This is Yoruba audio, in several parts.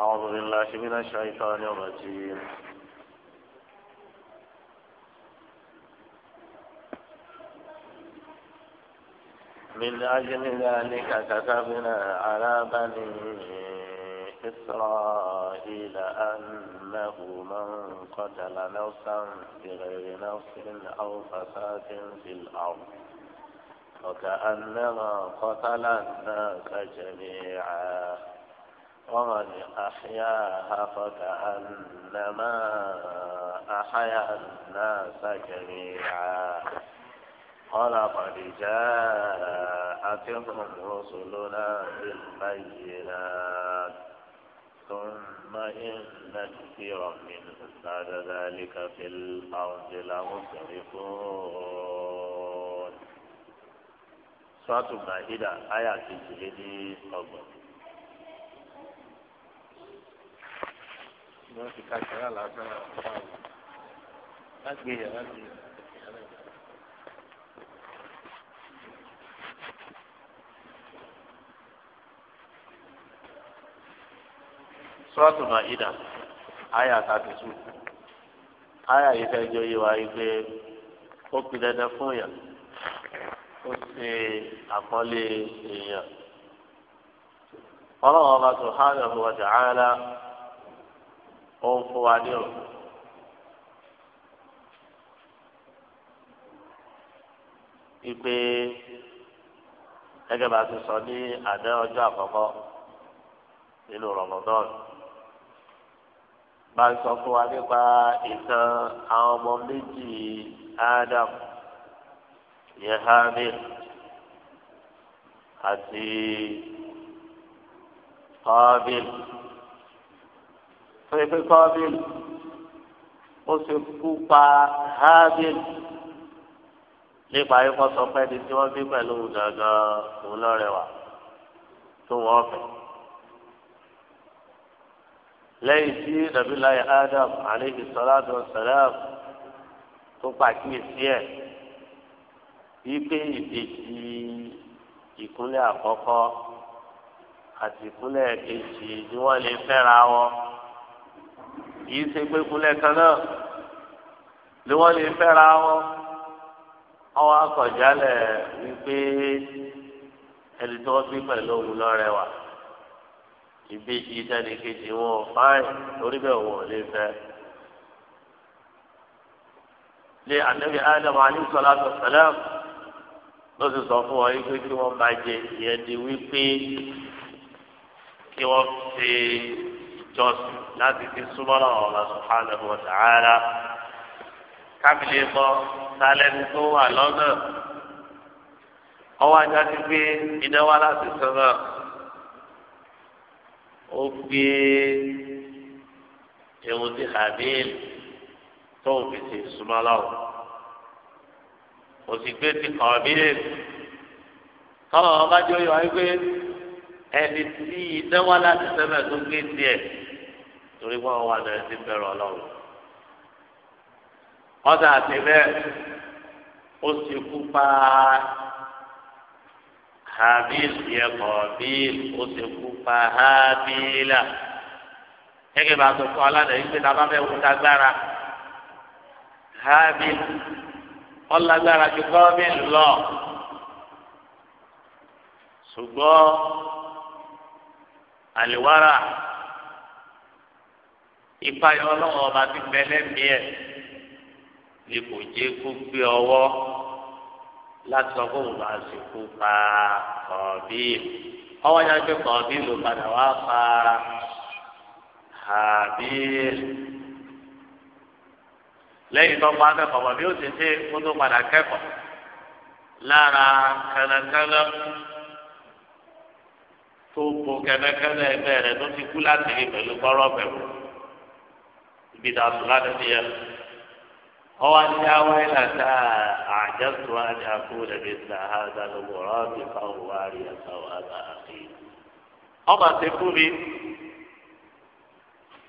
أعوذ بالله من الشيطان الرجيم من أجل ذلك كتبنا على بني إسرائيل أنه من قتل نفسا بغير نفس أو فساد في الأرض وكأنما قتل الناس جميعا ومن أحياها فكأنما أحيا الناس جميعا ولقد جاءتهم رسلنا بالبينات ثم إن كثيرا منهم بعد ذلك في الأرض لمسرفون سورة المائدة آية 23 ni wọ́n ti ka ṣẹlá lásán àwọn lágbè yà lágbè yà. sọ́ọ̀tù màídà àyà tàbí sùn àyà yìí fẹ́ jọ yíwa yìí pé ó pin dandan fún yàn ó ṣe àpọ́nlé èèyàn ọlọ́run ọba subhanahu wa ta'ala ó ń fún wa ní ọ̀rọ̀. ipe gẹ́gẹ́ bá a ti sọ ní àdé ọjọ́ àkọ́kọ́ nínú Ramadan bá a sọ fún wa nípa ìtàn àwọn ọmọ méjì Adam ìyẹn Habil àti Qabil sọ̀rọ̀ pé kọ́bìn ó sì kú pa hábìn nípa ikọ́ sọ pé ẹni tí wọ́n bí pẹ̀lú gàngàn òun lọ́rẹ̀wà tó wọ́n fẹ́. lẹ́yìn tí nàbíláyà Adam aleyhi sọ́láàdù sàlám tó pàkíyèsí ẹ̀ wípé ìdèjì ìkúnlẹ̀ àkọ́kọ́ àti ìkúnlẹ̀ kejì ni wọ́n lè fẹ́ra wọn kì í ṣe pé kúnlẹ̀ kan náà ni wọ́n lè fẹ́ra wọn àwọn akọ̀jálẹ̀ wípé ẹni tí wọ́n bí pẹ̀lú òun lọ́rẹ́ wa ìbejì sẹ́ni kejì wọn ò fáìn torí bẹ́ẹ̀ wọn ò lè fẹ́. lé ànábì ádámù alísọ́lá tó sẹ́lẹ̀m ló sì sọ fún wọn wípé kí wọ́n bá jẹ ìyẹn di wípé kí wọ́n ṣe ìjọsìn láti fi súnmọ́lọ́ ọ̀la subhanahu wa ta'ala kábìlì mọ́ sálẹ́ni tó wà lọ́nà ọwọ́ ajá ti gbé iná wá láti sọ́nà ó gbé ewu ti hàbíl tó ń fi ṣe súnmọ́lọ́ òsì gbé ti kọ̀ọ̀bíl tọ́lọ̀ ọba jẹ́ oyè wáyé pé ẹni tí ìdánwà láti sẹ́fẹ̀ tó gbé tiẹ̀ torí wọ́n wà náà ti bẹ̀rẹ̀ ọlọ́run. ọ̀dà àti bẹ́ẹ̀ ó sì kú pa habil yẹ kọ̀ọ̀bíl ó sì kú pa habila. gẹ́gẹ́ bá a tó kọ́ aládàá yìí pé tábà bẹ́ẹ̀ wúta gbára habil ọ̀làgbára ju kọ́ọ̀bíl lọ. ṣùgbọ́n àlìwárà ìpayọ ọlọ́wọ́ ọba ti bẹ lẹ́mìí ẹ̀ ni kò jẹ́ kó gbé ọwọ́ láti sọ fún òun àsìkò pa kọ̀ọ̀bí ọwọ́ yẹn pé kọ̀ọ̀bí ló padà wá pa àbí lẹ́yìn tó pa akẹ́kọ̀ọ́ bọ̀ bí ó ti ṣe kó tó padà kẹ́kọ̀ọ́ lára kẹlẹkẹlẹ tó bo kẹlẹkẹlẹ ẹgbẹ́ rẹ̀ tó ti kú láti rí pẹ̀lú kọrọ bẹ̀rù ibi tá a sùn láti fi yẹ ọwọ́ ní àwọn ìlànà àjẹsùn àti àkúrẹ bí sàhádà lọwọrọ ti fáwọn wárí àtàwọn àbáàkì ọmọ àti fún mi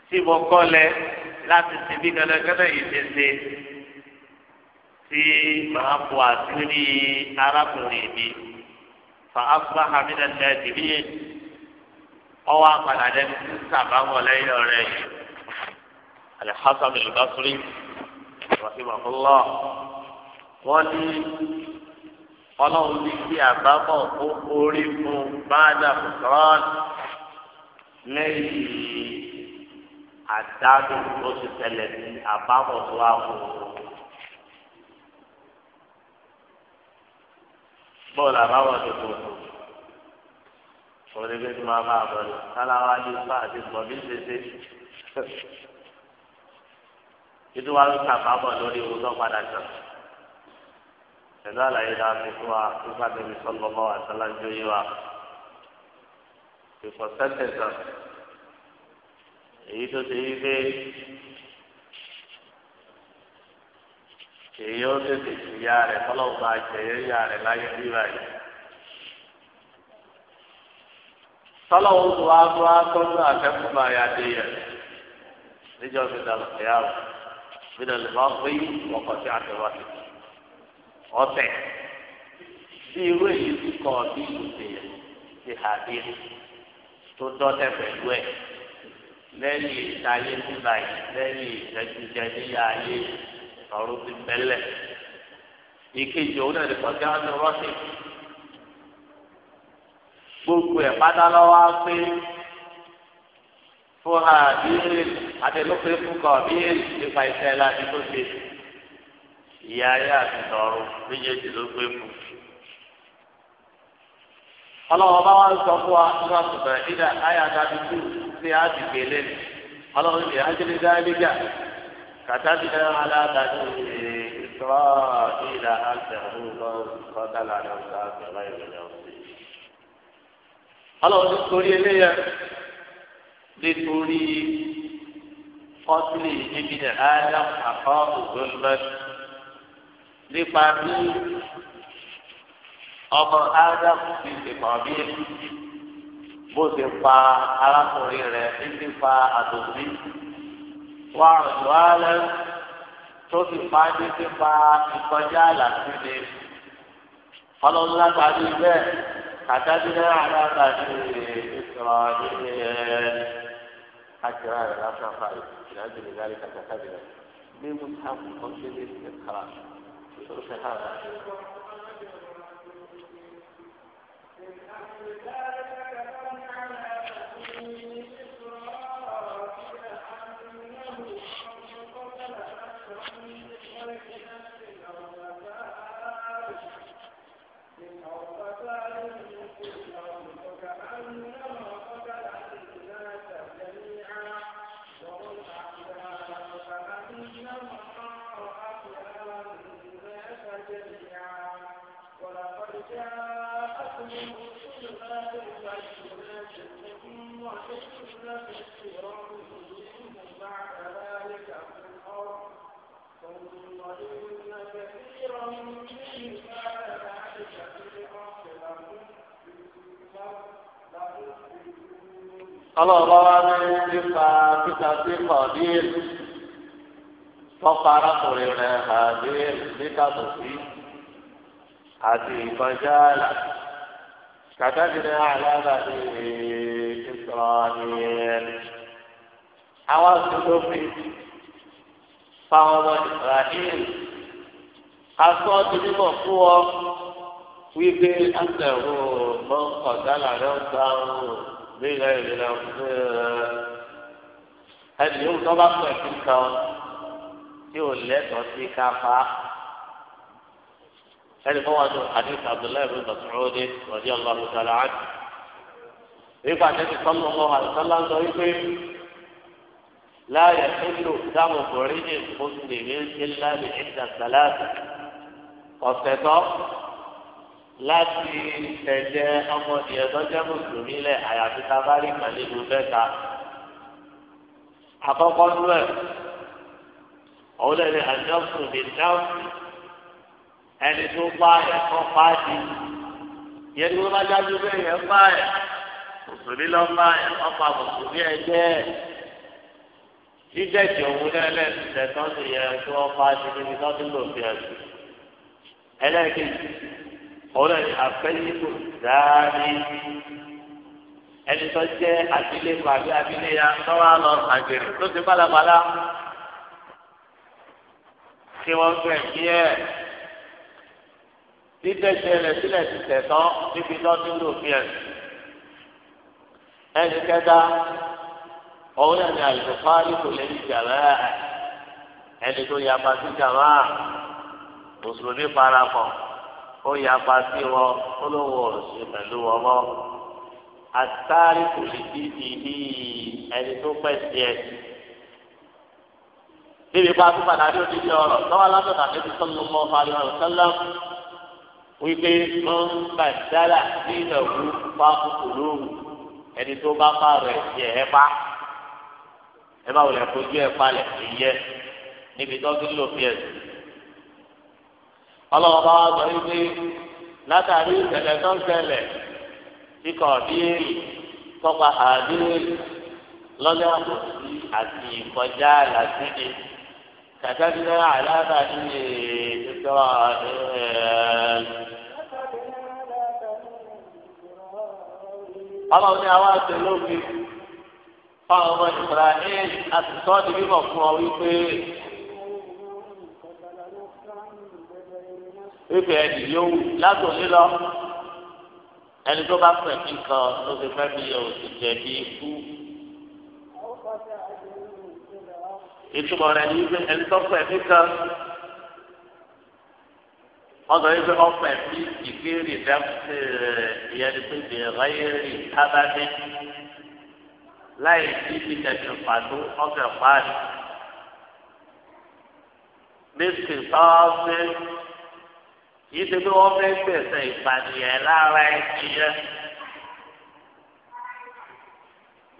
tí mo kọ́ lẹ láti ti bí gánagánà yìí ṣe ṣe tí màá bu àṣírí arákùnrin mi fa afúnmáhàmínà ṣe àdìrí yẹn ọwọ́ apàdà dẹni tí sàbámọ̀ lẹ́yìn ọ̀rẹ́ yìí Al-Hasan al-Basri rahimahullah wọ́n ní ọlọ́run ní kí àbámọ̀ kó orí fún báàdà fúkọ́ọ́n lẹ́yìn àdánù tó ti tẹ̀lẹ̀ sí àbámọ̀ tó wà fún un. bọ́ọ̀lù àbámọ̀ tó tó tó sọ̀rọ̀ ebi tó máa máa bọ̀ kálá wa ní ipa àti sọ̀ bí ṣeṣe. Títí wá lóta bábọ̀ lórí ewu tó padà jọ. Pẹ̀lú àlàyé náà ti fún wa nípa tẹ̀mí sọ́lọ́ mọ́ àtàlà ń jó yé wa. Ìfọ̀sẹ́tẹ̀ sọ. Èyí tó ti yí pé èyí ó tètè ìyá rẹ̀ kọ́lọ́ọ̀gbà jẹ̀yẹ́ ìyá rẹ̀ láyé bí báyìí. sọlọ wo tó wá tó wá tọ́jú àfẹ́kùnbà yà dé yẹ níjọ́ fi dàlọ́ ẹ̀yà o fi dàlọ́ bá pé ọkọ̀ sí àtẹ̀wá sí ọ̀tẹ̀ bí irú èyí ti kọ̀ bí ìlúte yẹ ti hà dé tó dọ́tẹ̀ pẹ̀lú ẹ̀ lẹ́yìn ìtayé nígbà yìí lẹ́yìn ìtẹ́jújẹ níyà ayé ọ̀rọ̀ ti bẹ́lẹ̀ ìkejì òun náà lè kọjá ní rọ́ọ̀tì. gbogbo ẹ̀ pátá lọ́wọ́ pé fún ha bíyèrè àtẹnukẹ́ fún kọ́ bíyèrè nípa iṣẹ́ láti tó ṣe ìyá ayé àti tọ̀rọ̀ méjèèjì ló gbé fún. ọlọ́wọ́ bá wá sọ fún wa ní wàá ìdá ayé àtàbí tù ní àdìgbè lẹ́nu ọlọ́wọ́ ìdá àti àti ọlọ́run ti torí eléyà nítorí fọ́sílì níbi ní ádám àkọ́ ògbóngbẹ́sì nípa bí ọmọ ádám ti ṣèpọ̀ bí bó ṣe pa arákùnrin rẹ̀ títí pa àtòsí wà lọ́lẹ́ tó sì pa títí pa ìkọjá àlàsí ọlọ́run látàrí bẹ́ẹ̀. كتبنا على بني إسرائيل حتى هذا لا خائف من أجل ذلك كتبنا من مصحف مسجد الإخراج شوف هذا ọlọ́ọ̀bá wa ní nípa títa sí kọ̀ọ̀dín tọ́pa arákùnrin rẹ̀ àdé níta kò sí àti ìkọjá kàtàkì ní àlábàdé. إسرائيل àwọn asòsòfin fáwọn ọmọ Israel asọ ti bímọ fún ọ wípé asẹ̀wò mọ́kàndínlá rẹ̀ ń gbà ń nílẹ̀ ìlera fún ẹni yóò tọ́ bá pẹ̀ sí kan tí ò lẹ́tọ̀ọ́ sí ká fa ẹni fọwọ́n àdéhùn Abdullahi bin Mas'ud radiyallahu ta'ala anhu nípa àtẹ́tí sọ́nù ọmọ àtọ́lá ń sọ wípé láàyè nílò dáhùn kòrí ní mùsùlùmí ńlá ní ìjà sàláàtì ọ̀sẹ̀ tó láti tẹ̀lé ọmọ ìyẹn tó jẹ́ mùsùlùmí lẹ̀ àyàfi tá a bá rí màlẹ́ ìlú mẹ́ta. àkọ́kọ́ nú ẹ̀ òun ní àjọsùn ní dáhùn ẹni tó pa ẹ̀kọ́ pàdé yẹn ni wọ́n bá jáde bẹ́ẹ̀ yẹn pa ẹ̀ mùsùlùmí lọ bá ọ̀pá mùsùlùmí ẹgbẹ́ jíjẹ̀jẹ̀ òun lẹ́lẹ́ ìṣẹ̀tọ́ ti yẹ kí wọ́n fa ṣẹ́ni tó ti lò fi òun ẹni àfẹ́yìntò dáadé ẹni tó jẹ́ abilékọ àbí abiléya lọ́wọ́ àlọ́ àgbèrè tó ti balabala kí wọ́n fẹ́ kí ẹ̀ dídẹ̀jẹ̀ rẹ̀ ti tẹ̀tọ́ níbi tó ti lò ẹni kẹta òun náà ni àlùfáàlì kò lè ní jàmá ẹni tó yapa sí jàmá mùsùlùmí parapọ̀ ó yapa sí wọn ó ló wọ òsì pẹ̀lú wọn mọ́ àtàrí kò lè di ìhí ẹni tó pẹ̀ sí ẹ. níbi pa tó padà dé òdìdí ọ̀rọ̀ lọ́wọ́ látọ̀tà níbi sọ́nù mọ́ fàlẹ́ ọ̀rọ̀ sọ́lá wípé ń bàjálà nínú ẹ̀wù fáfù kò lóhùn. ẹni tó bá pa ẹ bá wọlé kojú ẹ̀ palẹ̀ ìyẹ níbi tó ti lò fi ẹ̀sìn. ọlọ́wọ́ bá wá sọ látàrí tó ń tí kò bí àti ìkọjá kàtàkì ọlọ́run ní àwọn àti olóògbé fáwọn ọmọ israẹli àtúntò ọdún mímọ̀ fún ọ wípé wípé ẹnì yóò látò lílọ ẹni tó bá pẹ̀ kí kan tó ti fẹ́ bí o ti jẹ̀bi ikú. ìtumọ̀ rẹ̀ ní ẹni tó pẹ̀ kí kan wọ́n sọ wípé ọ̀pẹ̀ eh, bí ìbéèrè dáfẹ́ ìyẹn pé bẹ̀rẹ̀ tábàdé láì sí ìdẹ̀sùn pàtó ọ̀pẹ̀ pàdé. Bísí sọ́ọ́sì yìí ṣe pé wọ́n fẹ́ gbẹ̀sẹ̀ ìpànìyàn lára ẹni yẹn.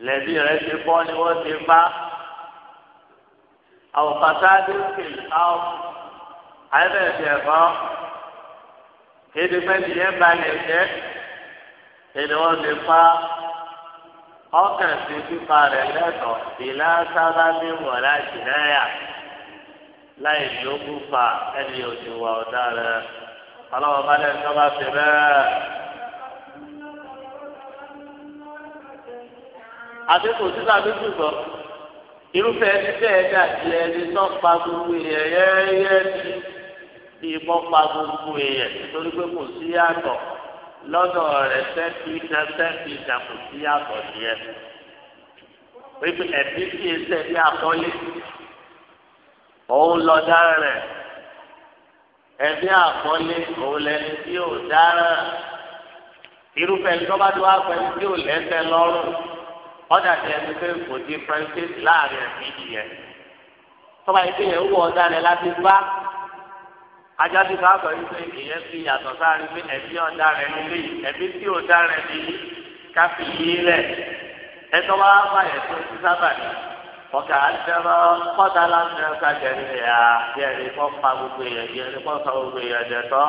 Lẹ́bí rẹ̀ ti bọ́ ni wọ́n ti bá. Àwòkàtà dé kìlì áwọ̀ ayẹ́bẹ̀ẹ́dẹ̀ ẹ̀fọ́ kéde pẹ́ẹ́lí yẹn balẹ̀ jẹ́ kéde wọ́n lè fa ọkàn sí fífa rẹ̀ lẹ́tọ̀ọ́ ìlà sábà ní wọ̀lá jìnnáyà láì lókù fa ẹni òṣùwà ọ̀daràn ọlọ́wọ́ bá lẹ́nu tó bá fi bẹ́ẹ̀. àdínkù sísá dúdú sọ irúfẹ́ ẹni bẹ́ẹ̀ dà sí ẹni tó pa gbogbo ìyẹn yẹ́yẹ́ ni tí ìbọn pa gbogbo èèyàn nítorí pé kò sí yàtọ̀ lọ́dọ̀ rẹ̀ sẹ́ẹ̀kì iná sẹ́ẹ̀kì iná kò sí yàtọ̀ nìyẹn pépé ẹ̀mí tí e sẹ́ẹ̀kì àkọ́lé òun lọ dára rẹ̀ ẹ̀mí àkọ́lé òun lẹni tí ò dára irúfẹ́ ẹni tó bá tó wá pẹ̀lú tí ò lẹ́sẹ̀ lọ́rùn ọ̀dà tí ẹni pé kò di francis láàrin ẹ̀mí yẹn tọ́ba yìí pé ọ̀dà rẹ̀ láti bá ajásí ká sọ yìí pé ìyẹn fi yàtọ̀ sáré pé ẹbí ọ̀dà rẹ̀ nílé ẹbí tí ò dá rẹ̀ ní káfí yìí lẹ̀ ẹtọ́ wa bá yẹ tó ti sábà ní ọ̀kà àdìsẹ́rọ̀ kọ́ta láti ẹ̀ kájẹ ní ẹ̀yà bí ẹni kọ́ pa gbogbo èèyàn bí ẹni kọ́ sọ gbogbo èèyàn dẹ̀ tọ́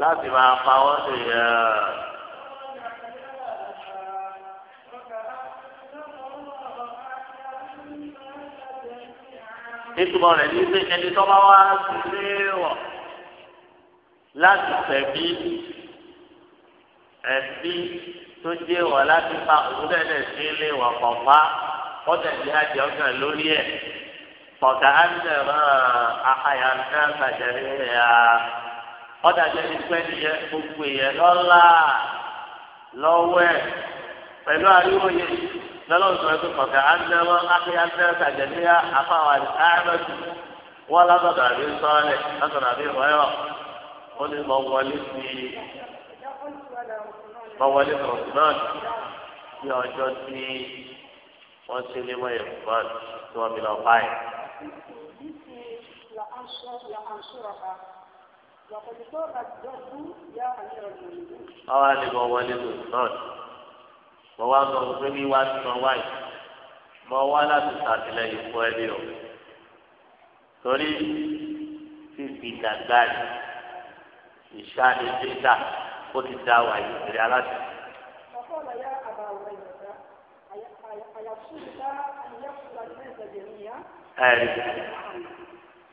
láti máa pa wọ́n sí ẹ̀ẹ́. ìtumọ̀ rẹ̀ ní pé ẹni tó bá wá sí léèwọ̀ láti tẹ̀mí ẹ̀mí tó jẹ́ wọ̀ láti fa òun dẹ́dẹ̀ sí léèwọ̀ pọ̀pá ọ̀dẹ̀ ní àjẹ́ ọ̀gá lórí ẹ̀ pọ̀tà ánìlẹ̀ máa àhàyà náà bàjẹ́ rẹ̀ yá ọ̀dà jẹ́ ìpẹ́ nìyẹn gbogbo ìyẹn lọ́la lọ́wọ́ ẹ̀ pẹ̀lú àríwó yẹn lọ́lọ́run sọ pé kọ̀ọ̀kan ánáwó akéyàtẹ́ sàgẹ̀dẹ́yà afáwà àmẹ́tù wọn látọ̀dọ̀ àbí sọ́ọ̀lẹ̀ látọ̀dọ̀ àbí ìwọ́yọ̀ ó ní mọ wọlé sí i mọ wọlé kọ̀ọ̀kan ní ọjọ́ tí wọ́n ṣe lé mọ́ ìfúnpá tí wọ́n fi lọ báyìí. ọ̀hún ni mọ wọlé kọ̀ọ̀kan mo wá sọ fún pé wíwá tí mo wá yìí mo wá láti ṣàtìlẹ́yìn fún ẹbí o torí fífi dàgbà yìí ìṣáájú dídà ó ti dá wà yìí ìrìn aláṣẹ.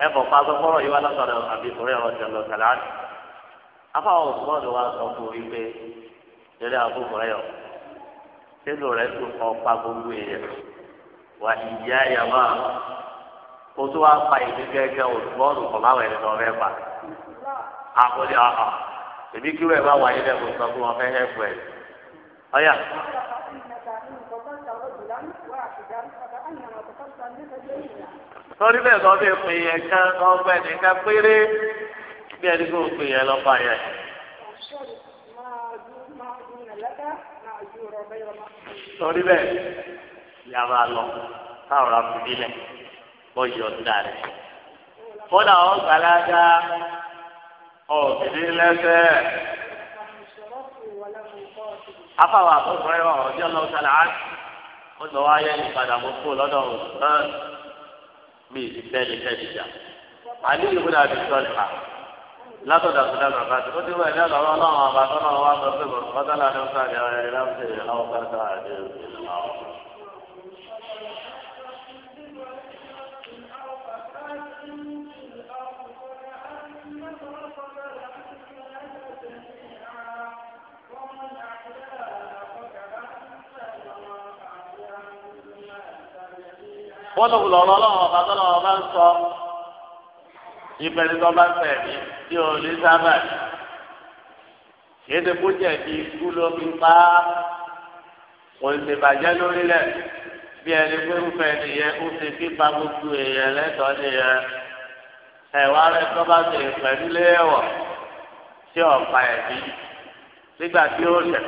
ẹ bọ̀ pa agbẹ́fọ́rọ̀ yìí wá látọ̀dọ̀ àbí ìkórè ọ̀rọ̀ ṣẹlẹ̀ ọ̀sẹ̀ láti. afáwọn òṣùwọ̀n ni wọ́n sọ fún wípé lórí àbúkù rẹ̀ yọ̀ sílò rẹ tó kọ pa gbogbo èèyàn wà ìyá yàrá kó tó wá pa ìlú gẹ́gẹ́ òṣùbọ́ọ̀lù kọ̀ máa wẹ̀ lọ rẹ pa àkọlé ọ̀hún ah, ah. èmi kí wẹ́ẹ̀ bá wáyé lẹ́kọ̀ọ́ sọ fún wọn fẹ́ hẹ́pù ẹ̀ ọ̀yà. sọ́rí bẹ́ẹ̀ sọ fún ìpín yẹn kan ọgbẹ́ni ká péré bí ẹni kò pín yẹn lọ́pàá yẹn. torí bẹ́ẹ̀ ya ma lọ káwọn ra fún nílẹ̀ bọ́ yọ ọ̀dà kódà ó gbàlágà ọ̀bìnrin lẹ́sẹ̀. afáwọn àkọsọ̀rẹ́ wọn ọ̀dí ọlọ́run sálà á wọ́n sọ wáyé ìpadà mọ́ kó lọ́dọ̀ ọ̀hún mi ìfẹ́ ní kẹ́ẹ̀dì jà. látọ̀dọ̀ àtúndà bàbá tó ti wà ní àlọ́rọ́ ọlọ́run àbá tó náà wà sọ pé bọ̀dọ̀ bọ́tà láti ń sáré ọ̀rẹ́ rẹ̀ láti ṣe ìrànlọ́wọ́ pátá àti ìrànlọ́wọ́. wọ́n tó wù lọ́rọ́ ọlọ́run ọ̀gá náà wọ́n ń sọ ìpẹ́ ní tọ́ba fẹ̀mí tí o ní sábà yìí ṣe kó jẹ̀bi ikú ló fi pa á kò sì bàjẹ́ lórí rẹ̀ bí ẹni pé ń fẹ́ nìyẹn ó ti fi pa gbogbo èèyàn lẹ́tọ̀ọ́ nìyẹn ẹ̀wá rẹ̀ tọ́ba ṣe pẹ̀lú léèwọ̀ tí ọ̀pá ẹ̀bí nígbà tí ó rẹ̀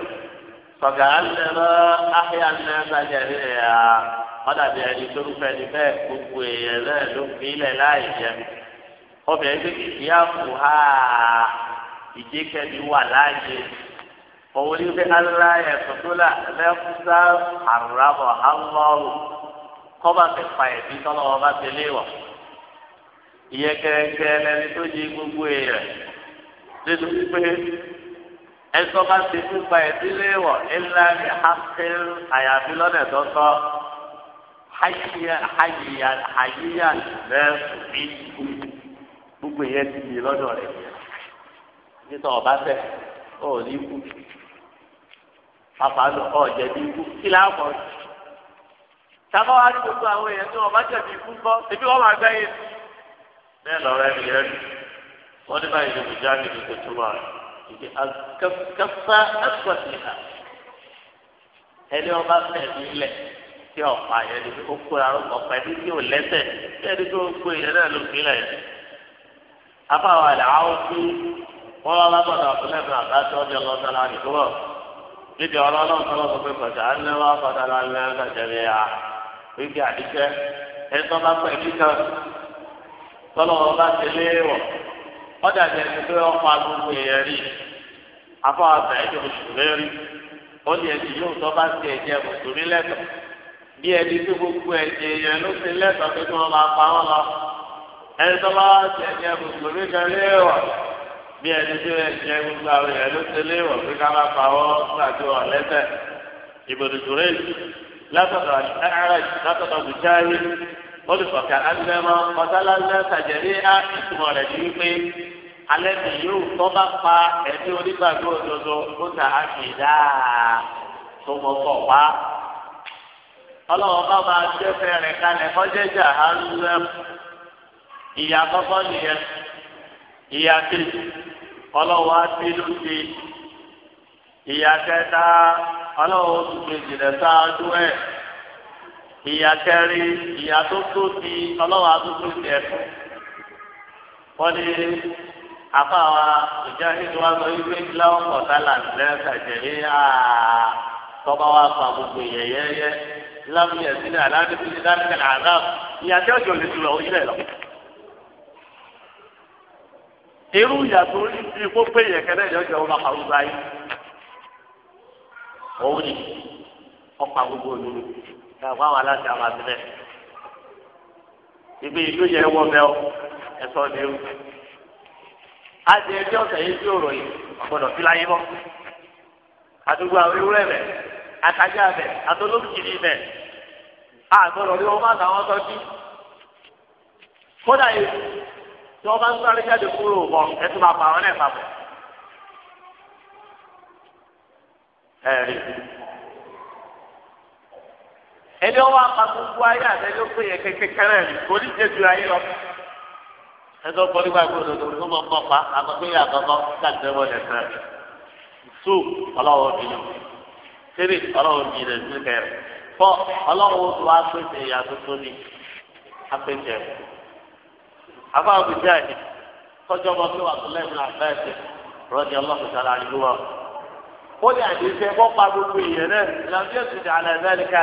sọ̀gà alẹ́ lọ áhíà ní ẹ̀sàjẹ̀ ní ẹ̀yà ọ̀dàbí ẹni tó ń fẹ́ ní bẹ́ẹ̀ gbogbo èèyàn náà ló fi ilẹ̀ láì jẹun obìnrin pé ìyá kù ha ìdíkẹ́ni wà láàyè òun ní pé aláyẹ tuntun lẹ́kúsá àràbọ̀ hánlọ́rù kọ́ba ti pa ẹ̀bí tọ́lọ́ ọba ti léwọ̀ ìyẹn kẹrẹkẹrẹ lẹni tó yí gbogbo èèyàn nínú pé ẹ̀sọ́ bá ti pípa ẹ̀bí léwọ̀ ńlá ní hásíl àyàfi lọ́nà ìdọ́tọ́ hayiya hayiya lẹ́kùn ìdíkù gbogbo ìyẹn ti di lọ́dọ̀ rẹ̀ yẹn nítorí ọba fẹ́ ọ ní ikú pàpà lọ ọ jẹ̀bi ikú kí láà kọ́ sábà wá ní gbogbo àwọn èèyàn tí wọn bá jẹ̀bi ikú gbọ́ ebi wọn máa gbẹ́ yẹn bẹ́ẹ̀ lọ́rọ̀ ẹ̀mí rẹ̀ wọ́n ní báyìí lóko jáde lóko tó wà ìdí akẹ́fà ẹ̀kọ́ sí ha ẹni wọn bá fẹ́ ẹ̀mí lẹ̀ tí ọ̀pá yẹn ni ó kóra ọ̀pá ẹni tí ò lẹ́sẹ̀ ẹni tó gbé yẹn náà ló fi lẹ̀ yẹn. afáwọn a sí wọn wá lábọ̀dọ̀ ọ̀túnlẹ̀ fún àbáṣe ọjọ́ lọ sára nìkúrọ̀ níbi ọ̀rọ̀ náà sọ̀rọ̀ sọ pé pàṣẹ alẹ́ wá padà lálẹ́ gàjẹ́rẹ́ ya wípé ẹ bá wọn bá ti ọjà pé gbogbo èèyàn rí ó ní yóò bá ti mùsùlùmí bí ẹni gbogbo yẹn ló ti pé kí ẹni tó bá ti ẹni mùsùlùmí kan léèwọ̀ bí ẹni tí ẹni gbogbo àwọn èèyàn ló ti léèwọ̀ pé ká má pa ọ́ gbàgbé wọn lẹ́sẹ̀ ìbòdì tùrẹ́sì látọ̀dọ̀ ẹ̀rẹ́ látọ̀dọ̀ bùjáyé wọ́n ti sọ̀kà ánilẹ́mọ́ ọ̀sálálẹ́ sàjẹ̀rí á ìtumọ̀ rẹ̀ ní wípé alẹ́ mi yóò tọ́ bá pa ẹni onígbàgbọ́ òdodo tó ta àkìdá tó mọ̀ kọ̀ wá. ọlọ́wọ́ bá máa jẹ́ fẹ́ rẹ̀ kalẹ̀ kọ́jẹ́jà ánilẹ́mọ́ ìyá àkọ́kọ́ nìyẹn ìyá kejì ọlọ́wọ́ àti lóde ìyá kẹta ọlọ́wọ́ tuntun ìjìnlẹ̀ sáájú ẹ̀ ìyá kẹrin ìyá tó tó ti ọlọ́wọ́ àtúntò ìjẹ̀ fún wọ́n ní àfàwà ìjà nínú wa sọ wípé láwọn kọ̀tàlà lẹ́ẹ̀ka jẹ̀lé àà tọ́ba wa fa gbogbo yẹ̀yẹ́yẹ́ láwọn yẹ̀sí ní àlàáfíà ní dáríkà àdáà ìyá tí ó jọ lè tu lọ òyìnbó lọ. irú ìyàtọ̀ orí ti kó pé yẹ̀kẹ́ náà ọba àwùjá yìí òun ni ọ̀pá gbogbo òdodo káwọn àwọn aláṣẹ àwọn ibi ìlú yẹn wọ mẹ́ọ ẹ̀sọ́ ni ó àti ẹjọ́ ọ̀sẹ̀ yìí tí òrò yìí ọ̀gbọ́dọ̀ fi láyé mọ́ àdúgbò àwọn ewúrẹ́ bẹ̀ bẹ̀ àtọ́lókìkiri bẹ̀ àgbọ̀dọ̀ wọ́n má tọ́jú kódà tí wọn bá ń sáré jáde kúrò bọ ẹtù máa pa àwọn ẹ̀ papọ̀ ẹ̀rí ẹni wọn wá pa gbogbo ayé àtẹjọ pé yẹ kékeré rẹ kò ní jẹ ayé lọ ẹjọ kọ nígbà gbọ́dọ̀ tó ní wọn mọ pa àgbẹgbẹyà àkọ́kọ́ káàkiri wọn lẹ fẹ tù ọlọ́wọ́ tírì kẹrẹ fọ tó wá pèsè ìyá apèsè àbá àbújá ẹ̀ tọ́jú ọmọ fún àtúnlẹ̀ ìlú àbẹ́ẹ̀sì rọ́ọ̀dì ọlọ́kùnrin àdúgbò wa. ó ní àdéhùn ẹgbọ́n pa gbogbo ìyẹn náà ìlànà yóò ti dà àlẹ́ ẹ̀dẹ́rìkà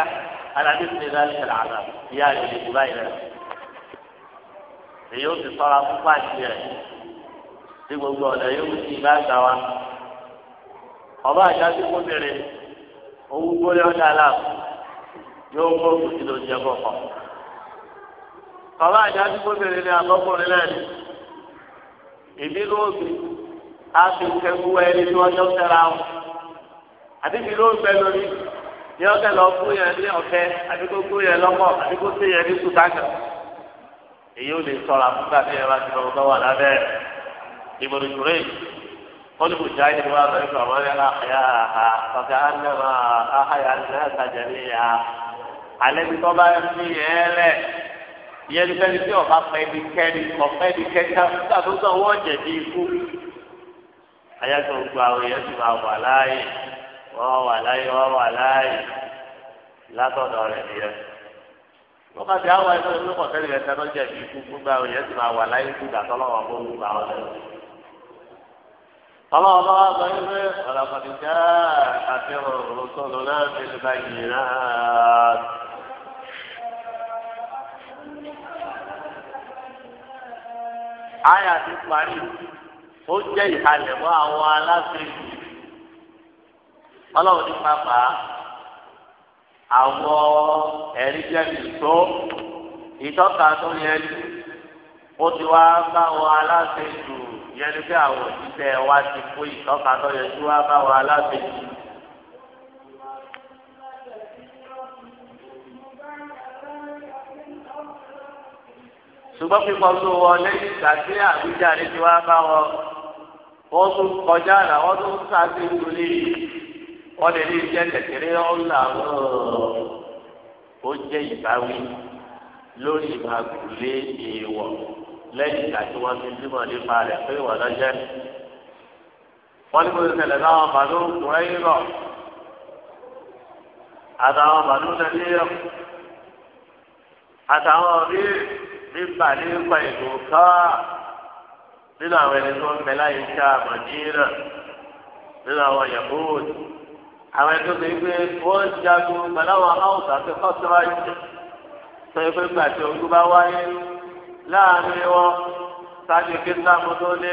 àlàdé ti dà àlẹ́ àlà ìyá rẹ̀ lè dùbà yìí rẹ̀. èyí ó ti sọra púpọ̀ àti rẹ̀ tí gbogbo ọ̀dọ̀ yóò ti bá gbà wa. ọba àjá tí bèrè owó gbólé ọ̀dà aláàbò yóò gbó bàbá àjáde kóbìnrin ni àlọ́kùnrin náà ni ìbínú òbí á fi kẹ́kú ẹni tí wọ́n jọ fẹ́ra wọn àti ìbínú òbí lórí ní ọ̀kẹ́ lọ fún yẹn ní ọ̀kẹ́ àti kó fún yẹn lọ́kọ̀ àti kó sí yẹn ní sùtákà èyí ò lè sọ̀rọ̀ àfúgbà tí ẹ bá ti lọ́wọ́ lọ́wọ́ lábẹ́ ìbòrò ìṣúré olùkù jẹ́ ẹni wá lọ ìgbà wọ́n yẹn láàyà àhà ọ̀gá ànàmà àhàyà ànàmà àtàjẹ́ níyà alẹ́ bí tọ́ bá ń fi yẹn lẹ̀ ìyẹn ní fẹ́ni tí ọba pẹ́ẹ́ni kẹ́ni ọ̀pẹ́ẹ́ni kẹ́ni àtúntò wọ́n jẹ̀bi ikú. ayájọ́ gbogbo àwọn èèyàn ti máa wà láàyè wọ́n wà láàyè wọ́n wà láàyè látọ̀dọ̀ rẹ̀ nìyẹn. wọ́n kàdé àwọn ẹgbẹ́ ìlú kọ̀tẹ́lì rẹ̀ sẹ́nu jẹ̀bi ikú gbogbo àwọn èèyàn ti máa wà láàyè kú àyà ti parí ó jẹ́ ìhalẹ̀ mọ́ àwọn aláṣẹ ọlọ́run ní pápá àwọn ẹ̀rí jẹ́bi tó ìtọ́ka tó yẹ ó ti wá báwọn aláṣẹ jù yẹnu pé àwọn òṣìṣẹ́ wa ti kó ìtọ́ka tó yẹ jù wá báwọn aláṣẹ ṣùgbọ́n pípọ̀ tó wọlé ìgbà tí àwíjàre ti wá bá wọn wọ́n tún kọjá àrà wọ́n tún sáàbì lórí wọ́n lè ní iṣẹ́ kékeré ọ̀là ó jẹ́ ìbáwí lórí ìmàgùlé èèwọ̀ lẹ́yìn ìgbà tí wọ́n ti bímọ nípa rẹ̀ pé ìwọ̀n lọ jẹ́ wọ́n ní kó lè tẹ̀lé láwọn bàánú kùrẹ́yìn rọ̀ àtàwọn bàánú tẹ̀lé rọ̀ àtàwọn rí nípa nípa ìlú káà nínú àwọn ẹni tó ń bẹ láyé ká mọ̀dínà nínú àwọn yahood àwọn ẹni tó ti gbé wọ́n jagun pẹ̀láwọn house àti kọ́síwájú tó yẹ pé gbàtí ogun bá wáyé láàrin wọn sáájú kí sáàmù tó lé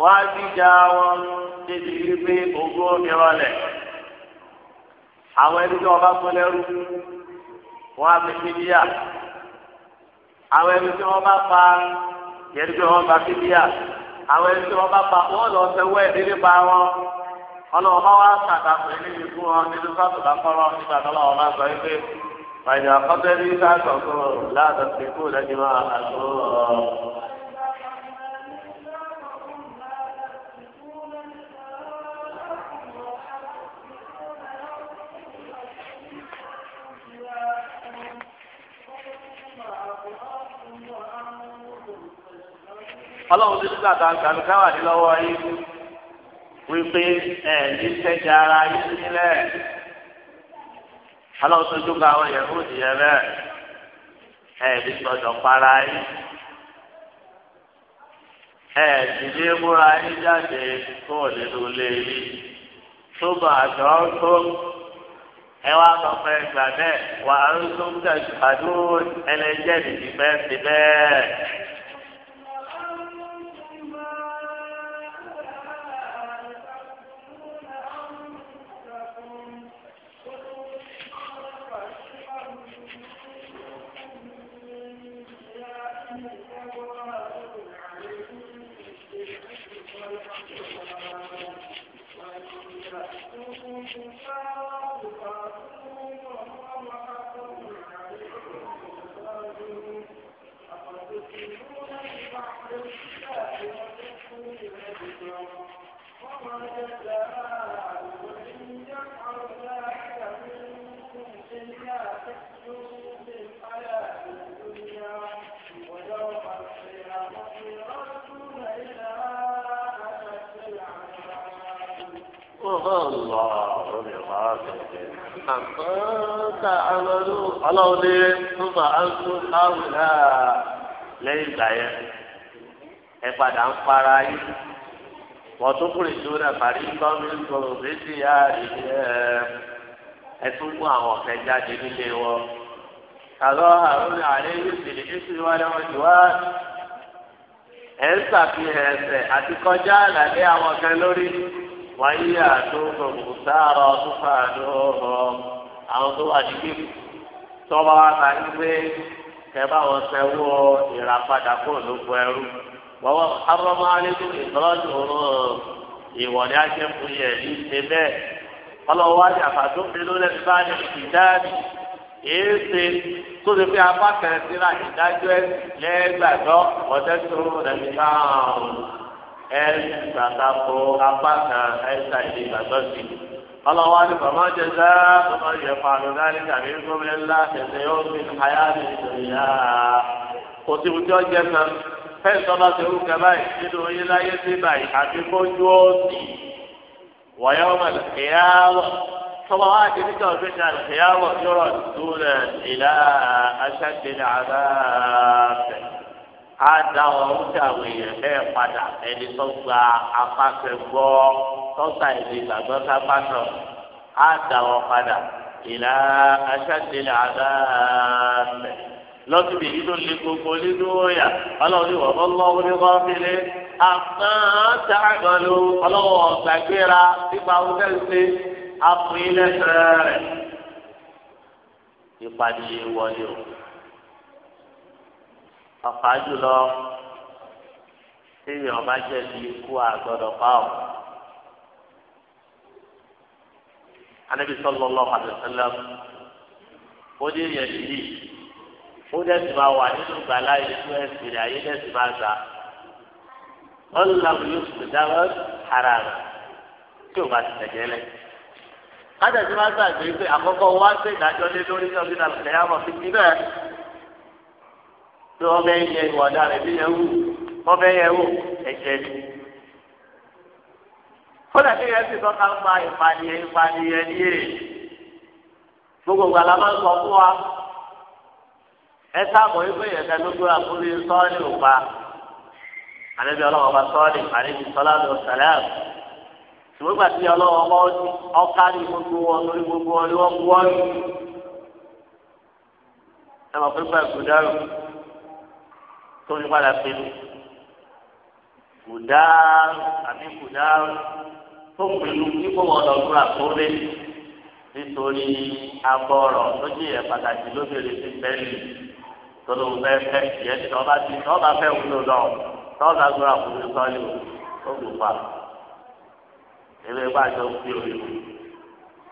wọ́n á jíjà wọn níbi wípé ogun omi rọlẹ̀ àwọn ẹni tó wọn bá fún lẹ́rú á fi fi díyà àwọn ẹni tí wọ́n bá pa yẹn tí wọ́n bá fídíà àwọn ẹni tí wọ́n bá pa wọ́n lọ fẹ́ wẹ́ ẹ̀dí nípa wọn ọlọ́wọ́ bá wá sàkàtọ̀ níbi fún wọn nínú sábàbà kọ́rọ́ nígbà tó lọ́wọ́ bá sọ wípé fàyà kọ́tẹ́rì sáà sọ̀tún láàtọ̀ ọlọ́run ti dúkà tó àgbàdo káwà ní lọ́wọ́ yín wípé ẹ̀ ní sẹ́jà ara yín nílẹ̀ ọlọ́run tó dúkà àwọn yẹ̀fọ́ òdìyẹ bẹ́ẹ̀ ẹ̀ ní gbọ́dọ̀ para yín ẹ̀ sì ní múra yín jáde kó o nínú ilé yín tó bá àjọ tó ẹ wá sọ pé gbà bẹ́ẹ̀ wà á ń tó ń tẹ̀síwájú ẹlẹ́jẹ̀ nìyí bẹ́ẹ̀ bẹ́ẹ̀. ọlọ́run ní túmọ̀ áńtú áwùlá lẹ́yìn ìgbà yẹn ẹ padà ń para yìí wọ́n tún kúrò ìṣòro náà parí kọ́mí gbọ́dọ̀ méjì yá tún mú àwọn ọ̀fẹ́ jáde nílé wọn. kàlọ́ àrùn àárẹ̀ yóò ṣèlè jù wá ẹ̀ ń àti kọjá àlàyé àwọn kan lórí. wáyé àdókò mùsàárọ̀ túfà àdóhọ̀ àwọn tó wà ní kíkù tọ́ba wa ta ní pé kẹfà wọn sẹ́wọ́ ìràpadà kó ló bu ẹrú wọ́wọ́ arọ́mọ alẹ́kùn ìtọ́jú òun ìwọ̀lẹ́ ajẹ́kùn yẹ̀ ní ṣe bẹ́ẹ̀ ọlọ́wọ́ wájú àfàdó pẹ̀lú lẹ́nu bá ní ìdáàbì èéṣe tó ṣe pé apá kẹrìndínláà ìdájọ́ ẹ̀ lẹ́gbàdọ́ ọ̀dẹ́sọ̀rọ̀ lẹ́nu bá ọ̀hún ẹ sàkàkọ apá kan ẹ sa ìdí ìgbàgbọ́ sí i. ọlọ́wọ́ ni bàbá jẹ́sà bàbá yẹ fàánù láti kàrí gómìnà ńlá tẹ̀sẹ̀ yóò fi àyà mi sòyà. kò sí ìwúdí ọjọ́ kan fẹ́ẹ̀ sọ́nà tó ń kẹ́ báyìí nínú oyún láyé sí báyìí àti kójú ó sì. wọ̀nyẹ́ wọn mọ̀ kíyàwó tọ́wọ́ wá ti níta òfin ní àlùkìyàwó yọ̀rọ̀ dúró ilá aṣáájú á dá ọrùn tí àwọn èèyàn bẹ́ẹ̀ padà ẹni tó gba apáṣẹ gbọ́ tọ́ta ìdí ìgbàgbọ́ sábà náà á dá wọn padà ìlà aṣáṣẹlẹ̀ àdáàbẹ̀ lọ́sibí yìí tó lé gbogbo nínú òyà ọlọ́run ìwọ̀n ọlọ́run ní wọ́n fi lé àmọ́ sàgbọ́n ọlọ́run ọ̀gbàgbéra nípa ohun tẹ́ ń ṣe àpò ilẹ̀ sẹ́rẹ̀ ìpàdé wọlé o ọ̀fà jùlọ tíyẹ̀ ọba jẹ̀bi ikú àgbọ̀dọ̀ pa ọ́. anabi sallallahu alaihi wasallam ó dé yẹn yìí ó dẹ́sì máa wà nínú gbàlá ìlú ẹ̀sìn rẹ̀ ayé dẹ́sì máa gbà ọlọ́run yóò sùn dáwọ́ ara rẹ̀ tí o bá ti tẹ̀jẹ́ lẹ̀. kájà tí wọ́n gbàgbé pé àkọ́kọ́ wá sí ìdájọ́ lé lórí ní ọdún àlùkò tí wọ́n fẹ́ yẹ ìwà ọ̀dà rẹ̀ bí yẹn wù wọ́n fẹ́ yẹ wò ẹ̀jẹ̀ ni. kódà kí yẹn ti sọ́ka ń pa gbogbo gbala máa ń sọ fún wa ẹ sáàbọ̀ ìgbé yẹn tẹ́ àkúrí sọ́ọ̀lì òpa ọlọ́wọ́ bá sọ́ọ̀lì sọ́lá lọ sàlẹ́ tí ọlọ́wọ́ ọ̀ká ní gbogbo wọn lórí gbogbo wọn ni tó ní padà pé kùdáàrú àbí kùdáàrú tó pẹ̀lú kíkó wọn lọ fún àkórè nítorí abọ́rọ̀ tó jẹ́ ìyẹn pàtàkì lóbìnrin ti bẹ́ẹ̀lì tó ló fẹ́ fẹ́ ìyẹn tí ọba ti ọba fẹ́ wúlò lọ tọ́ọ̀dà gbọ́dọ̀ àkórè sọ́ọ́lì ó lù pa ewé gbàjọ fi òye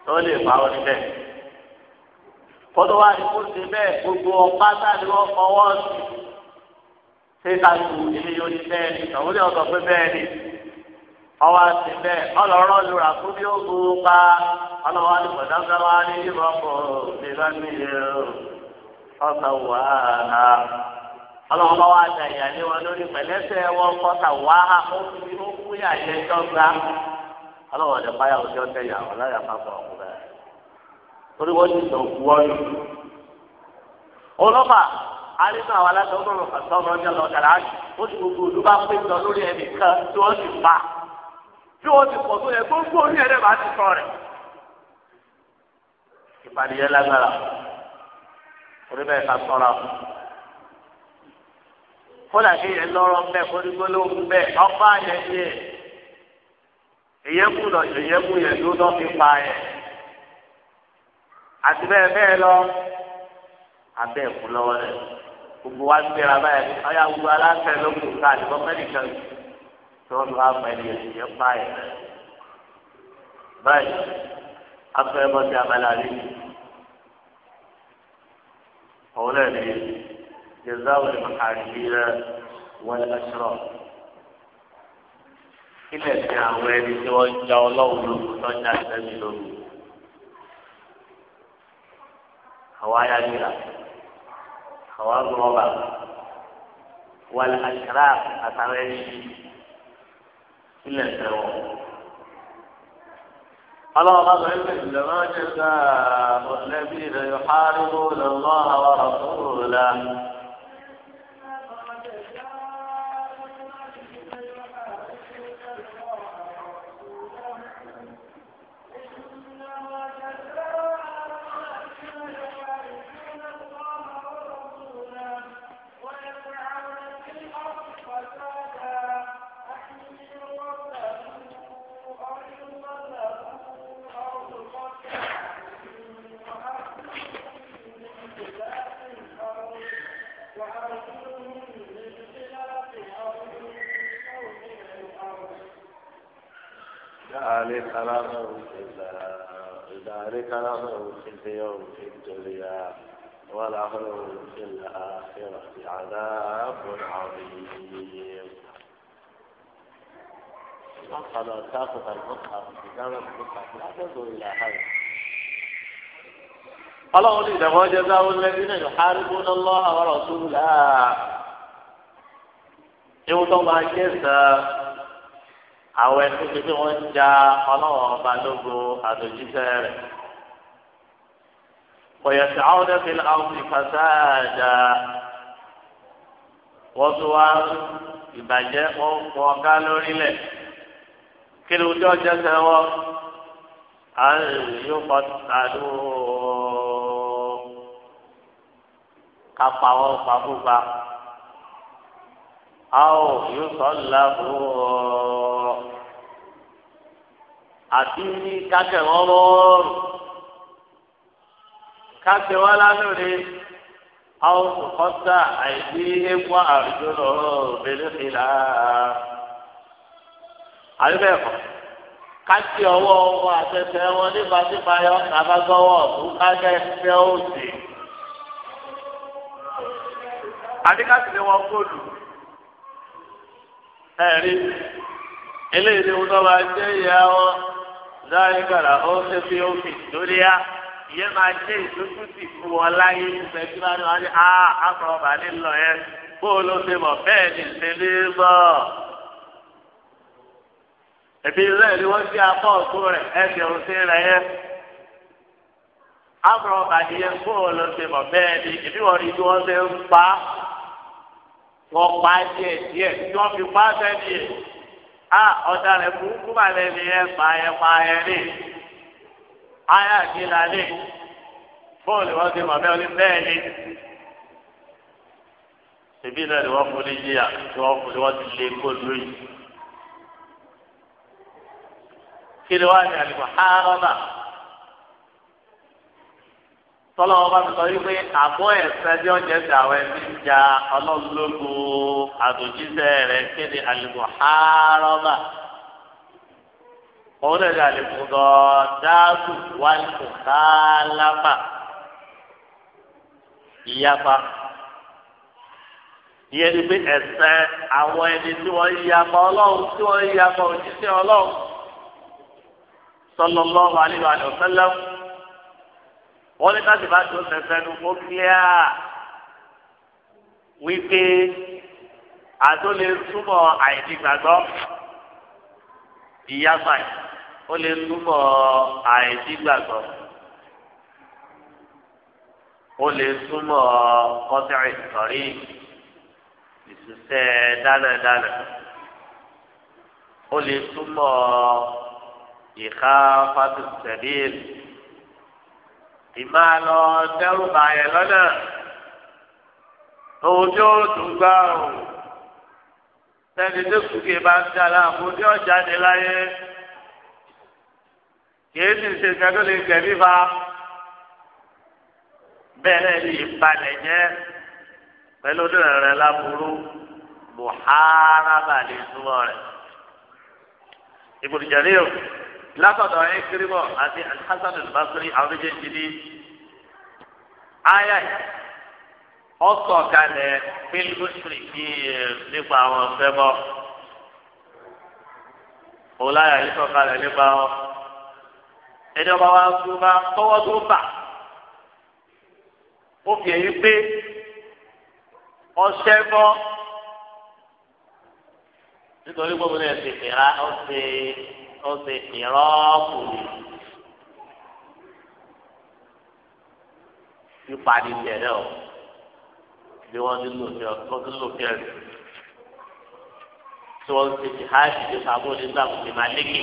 tó lè pa ó níbẹ̀ kótó wá ní kó ti bẹ́ẹ̀ gbogbo ọ̀pá sáà ni wọ́n fọwọ́ sí sétàtù ilé yóò ní bẹ́ẹ̀ ni ìtọ̀wọ́lé ọ̀sọ̀ pé bẹ́ẹ̀ ni ọwọ́ àti bẹ́ẹ̀ ọlọ́rọ́ lura kú bí ó bu pa ọlọ́wọ́ àlùfọ̀dáńgá wa ní ìbọn kò sí lọ́nà ìlú ọ̀sọ̀ wà á bá wà dà wọn lórí pẹ̀lẹ́sẹ̀ wọn wà á ó kú yà jẹ́ tọ́gbà ọ̀dẹ̀ báyà òjò alínú àwọn aláṣọ ọgbọ̀n ọ̀sán ọmọ ọjọ́ lọ dàrá ó ti gbogbo olú bá pé lọ lórí ẹnì kan tí wọ́n ti pa tí wọ́n ti pọ̀ tó yẹ gbogbo orí ẹ̀rẹ́ bá ti sọ rẹ̀. ìpàdé yẹn lágbára orí bẹ́ẹ̀ ká sọ́ra kódà kí yẹn lọ́rọ́ bẹ́ẹ̀ kó dígbó ló ń bẹ́ẹ̀ ọ̀pá lọ ìyẹ́kù yẹn ló fi pa yẹn àti bẹ́ẹ̀ bẹ́ẹ̀ lọ abẹ́ ẹ̀kú lọ́wọ́ rẹ̀ gbogbo wa gbéra báyìí ọyà gbogbo aláṣẹ ló kù ká àdìgbò mẹ́ríkàn tó ń lọ àpẹẹrẹ ẹ̀sìn yẹn báyìí. báyìí afẹ́ bọ́ sí abala rí mi òun náà ní jẹ́záwò ní rẹ wọlé ẹ̀ṣọ́ ilẹ̀ sí àwọn ẹni tí wọ́n ń ja ọlọ́run lóko tó ń ja ìfẹ́ mi lóko àwọn ayáyé rà àwọn agbọ̀nba wàlẹ̀ àṣírà àtàwọn ẹni ilẹ̀ tẹ̀ wọ̀. اللهم اغفر لمن جزاء الذين يحاربون الله ورسوله ذلك له ذلك له في اليوم في الدنيا وله في الآخرة في عذاب عظيم فقد تأخذ المصحف كتاب المصحف لا تدعو إلى هذا قال لي لو جزاء الذين يحاربون الله ورسوله يوم ما كسب àwọn ẹni tó ti wọn ń ja ọlọ́wọ́ ọba lógo àdójútẹ́ rẹ̀. wọ̀yẹ̀sì àwọn ẹ̀fìn àwọn ìfàsáàjà wọ́n tún wá ìbàjẹ́ wọn fọ ọ̀gá lórílẹ̀ kí ni ojú ọjọ́ sẹ́ wọ́n à ń yóò kọ́ tàdú ká wọn pa fúnpa a yóò sọ ọ́ lábúrò àti ní kákẹ́ wọn lọ́rùn kákẹ́ wọn lánàá àwọn kọ́tà àìsí ewu àrùjọ lọ́rọ̀ bẹ́lẹ́fì là àyùbẹ̀kọ̀ kákẹ́ ọwọ́ wọn àtẹ̀tẹ̀ wọn nípa nípa yọ àbágọ́wọ́ ọ̀tún kákẹ́ ẹ̀fẹ́ òsì àdíkàtìlẹ̀ wọn kóòlù ẹ̀rí eléyìí ni wọn bá jẹ́ ìyá wọn dáríkàrà ó ṣe fi ó fi dóríyá ìyẹn máa jẹ́ ìdókú sì fún wọn láyé ìgbẹ́ tí wọ́n á ní à àkọ́rọ̀ bá nílò yẹn bó ló ṣe mọ̀ bẹ́ẹ̀ ni ṣe Ebi bọ̀. ẹ̀bí rẹ̀ ni wọ́n ṣe apá ọ̀tún rẹ̀ ẹ̀sẹ̀ òṣè rẹ̀ yẹn. àkọ́rọ̀ bá níyẹn bó ló ṣe mọ̀ bẹ́ẹ̀ ni ìbí wọ́n rí bí wọ́n ṣe ń pa wọ́n pa díẹ̀ díẹ̀ tí wọ́n fi pa sẹ́ni a ọ̀daràn burúkú mà lẹ́nu yẹn pààyàn pààyàn ní ayé àgbélà ní bóòlù wọn ti mọ̀ bẹ́ẹ̀ ní bẹ́ẹ̀ ni ṣèbí náà ni wọ́n fún ní yíyà tí wọ́n fún ní wọ́n ti lé kó lóyè. kí ni wọ́n ní àlùkò hárọ́bà tọ́lá wọn bá mi sọ wípé àbọ̀ ẹ̀sẹ̀ bí ọ̀jẹ̀ ti àwọn ẹbí ń ja ọlọ́ọ̀lógo àtòjíṣẹ́ rẹ̀ kéde àlùkò hárọ́bà òun náà ní àlùkò gọ́ọ̀dáàbù wàlùkò kálábà ìyapa ìyẹn ni pé ẹ̀sẹ̀ àwọn ẹni tí wọ́n yapa ọlọ́run tí wọ́n yapa òjíṣẹ́ ọlọ́run sallallahu alaihi wa wọ́n ní ká sì bá tó fẹ́fẹ́ nu kó kíá wípé àtó lè túbọ̀ àìdígbàgbọ́ ìyáfà yìí ó lè túbọ̀ àìdígbàgbọ́ ó lè túbọ̀ kọ́sẹ̀rì sọ̀rí ìṣiṣẹ́ dánadáná ó lè túbọ̀ ìka fásitì sẹ̀bíìlì ìmá lọ dẹ́rù bàyẹ̀ lọ́nà òjò tó gbà ó sẹ́ni tó kùkè bá ń dá láàmú ní ọjà ní láyé kìí sì ṣe ìfẹ́ tó lè gẹ̀mí fa bẹ́ẹ̀ ni ìbalẹ̀ jẹ́ pẹ̀lú rẹ̀ láburú buhara balẹ̀ súnmọ́ rẹ̀ ibùdó jẹ̀rí o látọ̀dọ̀ ẹ kírímọ̀ àti alhassan al-basri àwọn méjèèjì ní ayé ọkọ̀ kalẹ̀ fílmùsírì kí nípa àwọn fẹ́mọ́ ọláyà yìí kọ̀ kalẹ̀ nípa wọn ẹni ọba wa ń súnmọ́ tọwọ́ tó bà ó fi èyí pé ọṣẹ mọ́ nítorí gbogbo náà ṣe fèrà ọ̀sẹ̀ ó ṣe ìrọ́pù pípa ní tiẹ̀ náà bí wọ́n ti lò ní ọ̀tún tó lò ní ẹ̀rù tí wọ́n ti ti háàjì ní sábọ́ ní sábọ́ ní malékè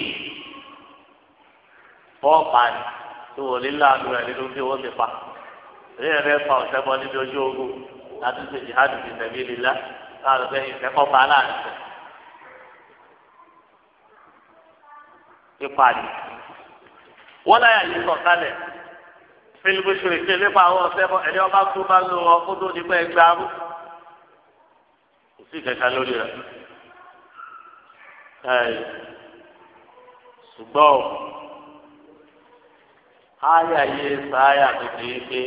bọ́ọ̀pá tí wọ́n ní láàánú rẹ̀ nínú bí wọ́n ti pa ní ẹ̀rẹ́ pa ọ̀sẹ̀ bọ́ níbi ojú ogun láti ṣe jihad fi tẹ̀lé lílá láàrú bẹ́ẹ̀ ìfẹ́kọ̀ọ́ bá láàrin tẹ̀lé. ìpàdé wọn láyà yìí sọ kálẹ̀ fílípù ṣèké nípa àwọn ọ̀sẹ̀ bọ́ ẹni ọba tó bá lò wọn kó tó nípa ẹgbẹ́ arú kò sí ìkẹta lórí rẹ̀ ṣùgbọ́n àyà yìí sáyà kékeré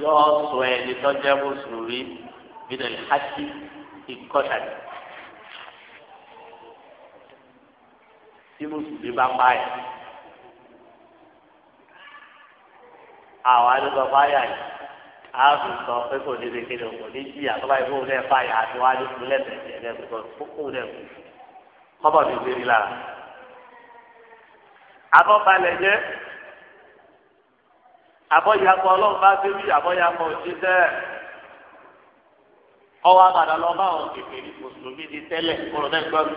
yóò sọ ẹni tó jẹ́ mùsùlùmí bí lè hàkí ìkọ́ṣàdì. tí mùsùlùmí bá páyà àwọn àdúgbò páyà yìí á fi sọ pé kò ní kékeré kò ní jìyà tó bá yẹ kóun náà páyà àti wá ní kú lẹ́sẹ̀ẹ́ jẹ́ lẹ́sẹ̀ẹ́ kó kóun náà kú kọ́bọ̀ mi gbé mi lára. abọ́balẹ̀ jẹ́ abọ́yàpọ̀ ọlọ́run bá débi abọ́yàpọ̀ òṣìṣẹ́ ọwọ́ àbàdàn lọ́ọ́ bá àwọn kékeré mùsùlùmí ti tẹ́lẹ̀ kúrò náà gbọ́dọ̀.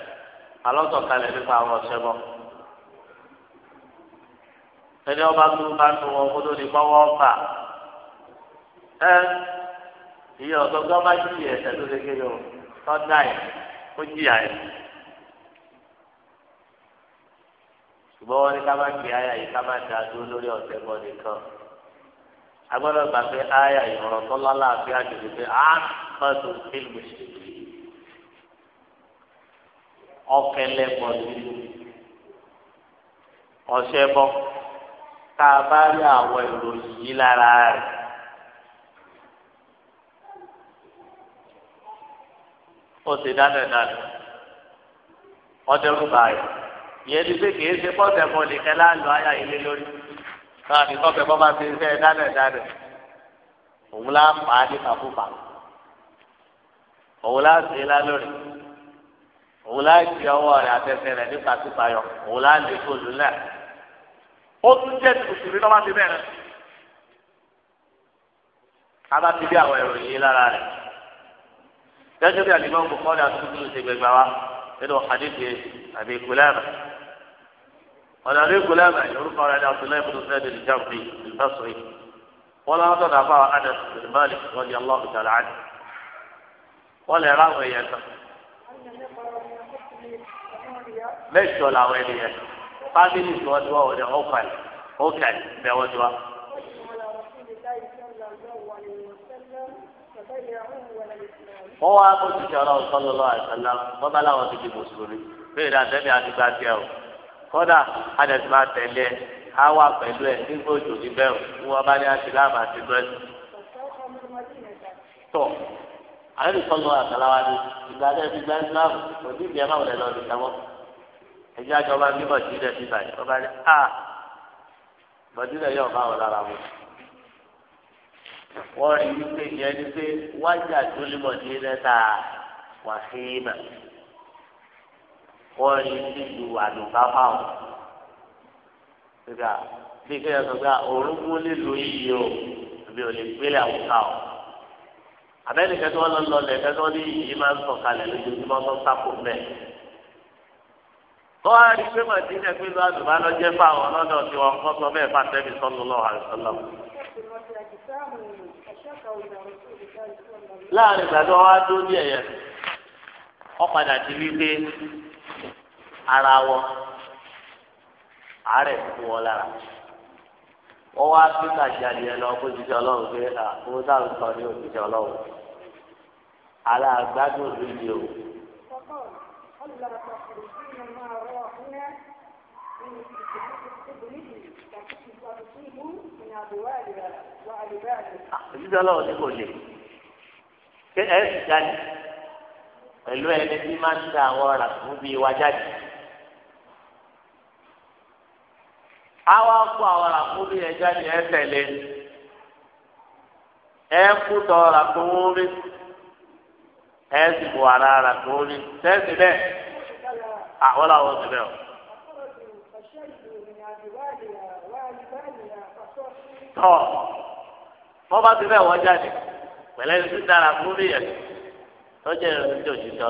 alọ́sọ̀kalẹ̀ nípa àwọn ọ̀sẹ̀ bọ́. ẹni ọba tó bá nu wọn kó tó di pọ́wọ́ bà ẹ ìyẹn ọ̀gbọ́n bá jì ẹ̀sẹ̀ tó léke yọ tọ́jà ẹ̀ kó jìyà ẹ̀. ṣùgbọ́n wọn ní ká má gbé àyà yìí ká má da dúró lórí ọ̀sẹ̀ bọ́ nìkan agbọ́dọ̀ gbà pé àyà ìrọ̀rọ̀ tọ́lá láàfin àjèjì pé á pàtó fíìmù ṣèlú yìí ọ̀kẹ́lẹ́ bọ̀ nínú ọ̀sẹ̀ bọ́ tá a bá rí àwọn ìròyìn yìí lára rẹ̀. ó ti dáná dáná ọdẹrù báyìí yẹn ti pé kìí ṣe pọ́sẹ̀ mọ́ nìkan láàlú ayá ilé lórí náà ní kọ́fẹ́ bọ́ bá ti ṣe dáná dáná òun lá pa á ní kàfúfà òun lá ṣe é lá òun láì fi ọwọ́ rẹ̀ àtẹsẹ̀ rẹ̀ nípa sípayọ òun láì lè kó lulẹ̀ ó tún jẹ́ tùtùrí lọ́wọ́ ti bẹ̀rẹ̀ kábà ti bí àwọn ẹ̀rọ yìí lára rẹ̀ gẹ́gẹ́ bí àlìmọ́ bùkọ́lá tuntun ti gbẹgbà wa nínú àdéhùn àbí ìkúlẹ̀mà ọ̀nà àbí ìkúlẹ̀mà ìrúkọ rẹ̀ ní abdullahi bin sẹ́ni ìjàmbí ìbásùrì wọn tó dàbà àdàtì bin Malik radiyallahu mẹ́jọ làwọn ènìyàn fámìlì tí wọ́n ti wá ọ̀dẹ ọ̀kan ọ̀kan bẹ́ẹ̀ wọ́n ti wá. wọ́n wá kó ti jẹ́ ọlọ́run sọ́lọ́ lọ́wọ́ àìsàn wọ́n bá ti di mùsùlùmí bẹ́ẹ̀ ni àtẹ́bí àti gba tiẹ̀ o kódà àdẹ̀tí máa tẹ̀lé á wà pẹ̀lú ẹ̀ nígbà òjò ti bẹ́ẹ̀ o wọ́n bá ní àtìláàmù àti bẹ́ẹ̀ tọ̀ àdẹ̀tí sọ́lọ́ àtàláwa ni ìgbà àdẹ̀tí gba ìsìláàmù òní ìgbà máa wọlé lọ́ọ́ ẹjẹ àjọba ní bọ̀dílẹ̀ bíbá yìí ọba ní a bọ̀dílẹ̀ yóò bá wọn lára wọn. wọ́n rí wípé yẹn ni pé wájà tó ní bọ̀dílẹ̀ ta wà sí ìmọ̀ wọ́n rí nílùú àdùnká fáwọn. nígbà bí kéèyàn sọ pé òórùn lè lo iyì o àbí ò lè gbélé àwùká o. àbẹ́ni kẹ́tọ́ lọ́lọ́ lẹ̀ kẹ́tọ́ ní iyì máa ń sọ̀kalẹ̀ lójoojúmọ́ tó ń sápò mẹ́ẹ̀. kọ́ wá rí pé màdínà pé lọ́wọ́ àdùbá lọ jẹ́ fáwọn ọlọ́dọ̀ tí wọ́n kọ́ sọ bẹ́ẹ̀ fàtẹ́bí sọ́nù lọ́wọ́ àlùsọ́lọ́. láàrin ìgbàdo wa dó ní ẹ̀yẹ ti rí pé ara wọn àárẹ̀ fún wọn lára wọ́n wá sí kàjáde ẹ lọ jíjẹ ọlọ́run pé àwọn sọ ní òjíjẹ ọlọ́run o. مع روحنا من سبله وتصيب الله لك ṣé ẹ sì jáde pẹ̀lú ẹni tí máa ń da àwọn ọ̀rà fún bíi wá jáde. àwa kó àwọn ọ̀rà fún bíi ẹ jáde ẹ tẹ̀lé ẹ kú tọ ọ̀rà fún wọn rí ẹ sì bọ̀ ara ọ̀rà fún wọn rí tẹ́sí bẹ́ẹ̀. àwọn làwọn ti bẹ́ẹ̀ o. tọ́ wọ́n bá ti bẹ́ẹ̀ wọ́n jáde pẹ̀lẹ́ ní sísára fún mi yẹn tọ́jú ẹ̀rọ tí o ti sọ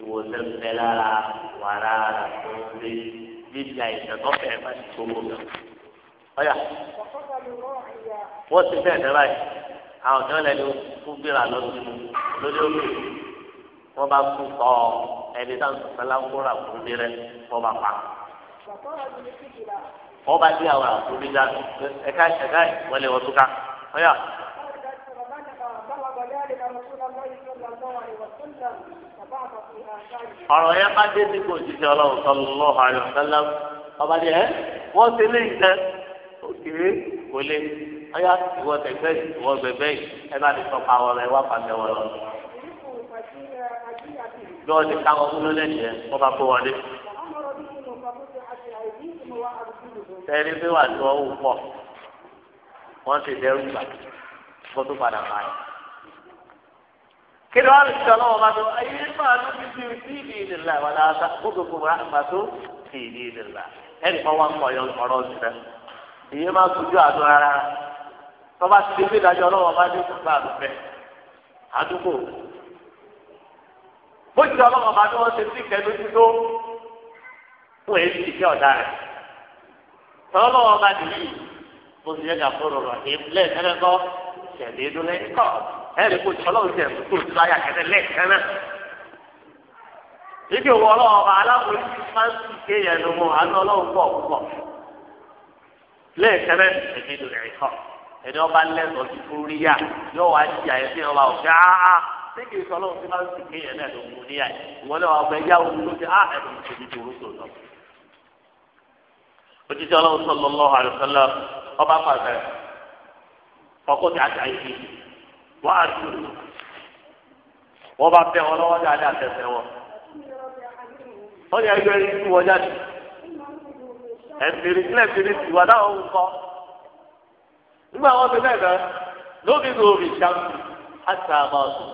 ìwòsàn ń bẹ lára wàrà àtúnṣe bíbí àìsàn tó fẹ́ẹ́ má ti gbogbo lọ. ọ̀yà wọ́n ti bẹ́ẹ̀ dẹ́ báyìí àwọn ọ̀dọ́ lẹ́nu fún bíra lọ́sùn lórí òkè wọ́n bá kú sọ ẹni tá à ń sọ sẹ́lá ń kóra fún mi rẹ wọ́n bá pa. wọ́n bá dí àwọn àkúrí dánú ẹ̀ka ẹ̀ka ìwọlé wọn túká ọ̀yà. ọ̀rọ̀ yẹn bá dé sí kò jíjẹ ọlọ́run sọlọ́lọ́ àrùn sọlọ́ ọba ni ẹ wọ́n ti lé ìtẹ́ òkèèrè kò lé ọyá ìwọ tẹ̀gbẹ́ ìwọ gbẹ̀gbẹ́ ẹ bá ti sọ pa ọ̀rọ̀ ẹ wá pàṣẹ wọ̀ lọ. lọ́wọ́ ti ká wọn kúrò lẹ́yìn ẹ wọ́n bá kó wọlé. tẹ́lí pé wà tí wọ́n wù pọ̀ wọ́n ti dẹ́rù gbà kó tó padà báyìí. كده قال السلام عليكم أي معلوم في دين الله ولا تأخذكم رحمة في دين الله هل هو ما يلقرون ده إيه ما سجوا على طبعا تبي لا جلوا ما دي كفار به àdúgbò bó ti ọlọ́wọ́ bá tó wọ́n ṣe sí kẹ́lójú tó fún èyí ti fi ọ̀dà rẹ̀ tọ́lọ́wọ́ bá nìyí mo sì yẹ kà fọ́rọ̀ rọ̀ ní ilé ìtẹ́lẹ́kọ́ ṣẹ̀lẹ́dúnlẹ́kọ̀ọ́ ẹ̀rí kò tí ọlọ́run tẹ̀ tó ti láyà kẹ́tẹ́ lẹ́ẹ̀kan náà. Ibi òwò ọlọ́run ọba aláboyún máa ń tún ké yẹn ló mọ àánú ọlọ́run pọ̀ púpọ̀. Lẹ́ẹ̀kan náà èmi lò rẹ̀ kọ́. Ẹni ọba lẹ́sọ̀ọ́ ti fún rí yá yóò wá di àyè sí ọba òkè áá. Níbi ìsọlọ́run ti máa ń tún ké yẹn náà ló mú ní àyè. Ìwọ náà ọgbẹ́ yá òun ló ti á ẹ̀rù ìṣèjì tó rúṣò lọ. Òjijì ọlọ́run sọ̀lọ́ ọba pàṣẹ ọkọ̀ tí a ti àyè wọ́n á dùn wọ́n bá fẹ́ wọn lọ́wọ́ dáadáa tẹ̀sẹ̀ wọn. wọ́n ẹgbẹ́ rí sí wọn jáde ẹ̀fìrì sílẹ̀ fìrì sí wa dáhùn ń kọ́. nígbà wọn fi bẹ́ẹ̀ bẹ́ẹ̀ lóbi ní omi ṣáàpù àti àbọ̀sùn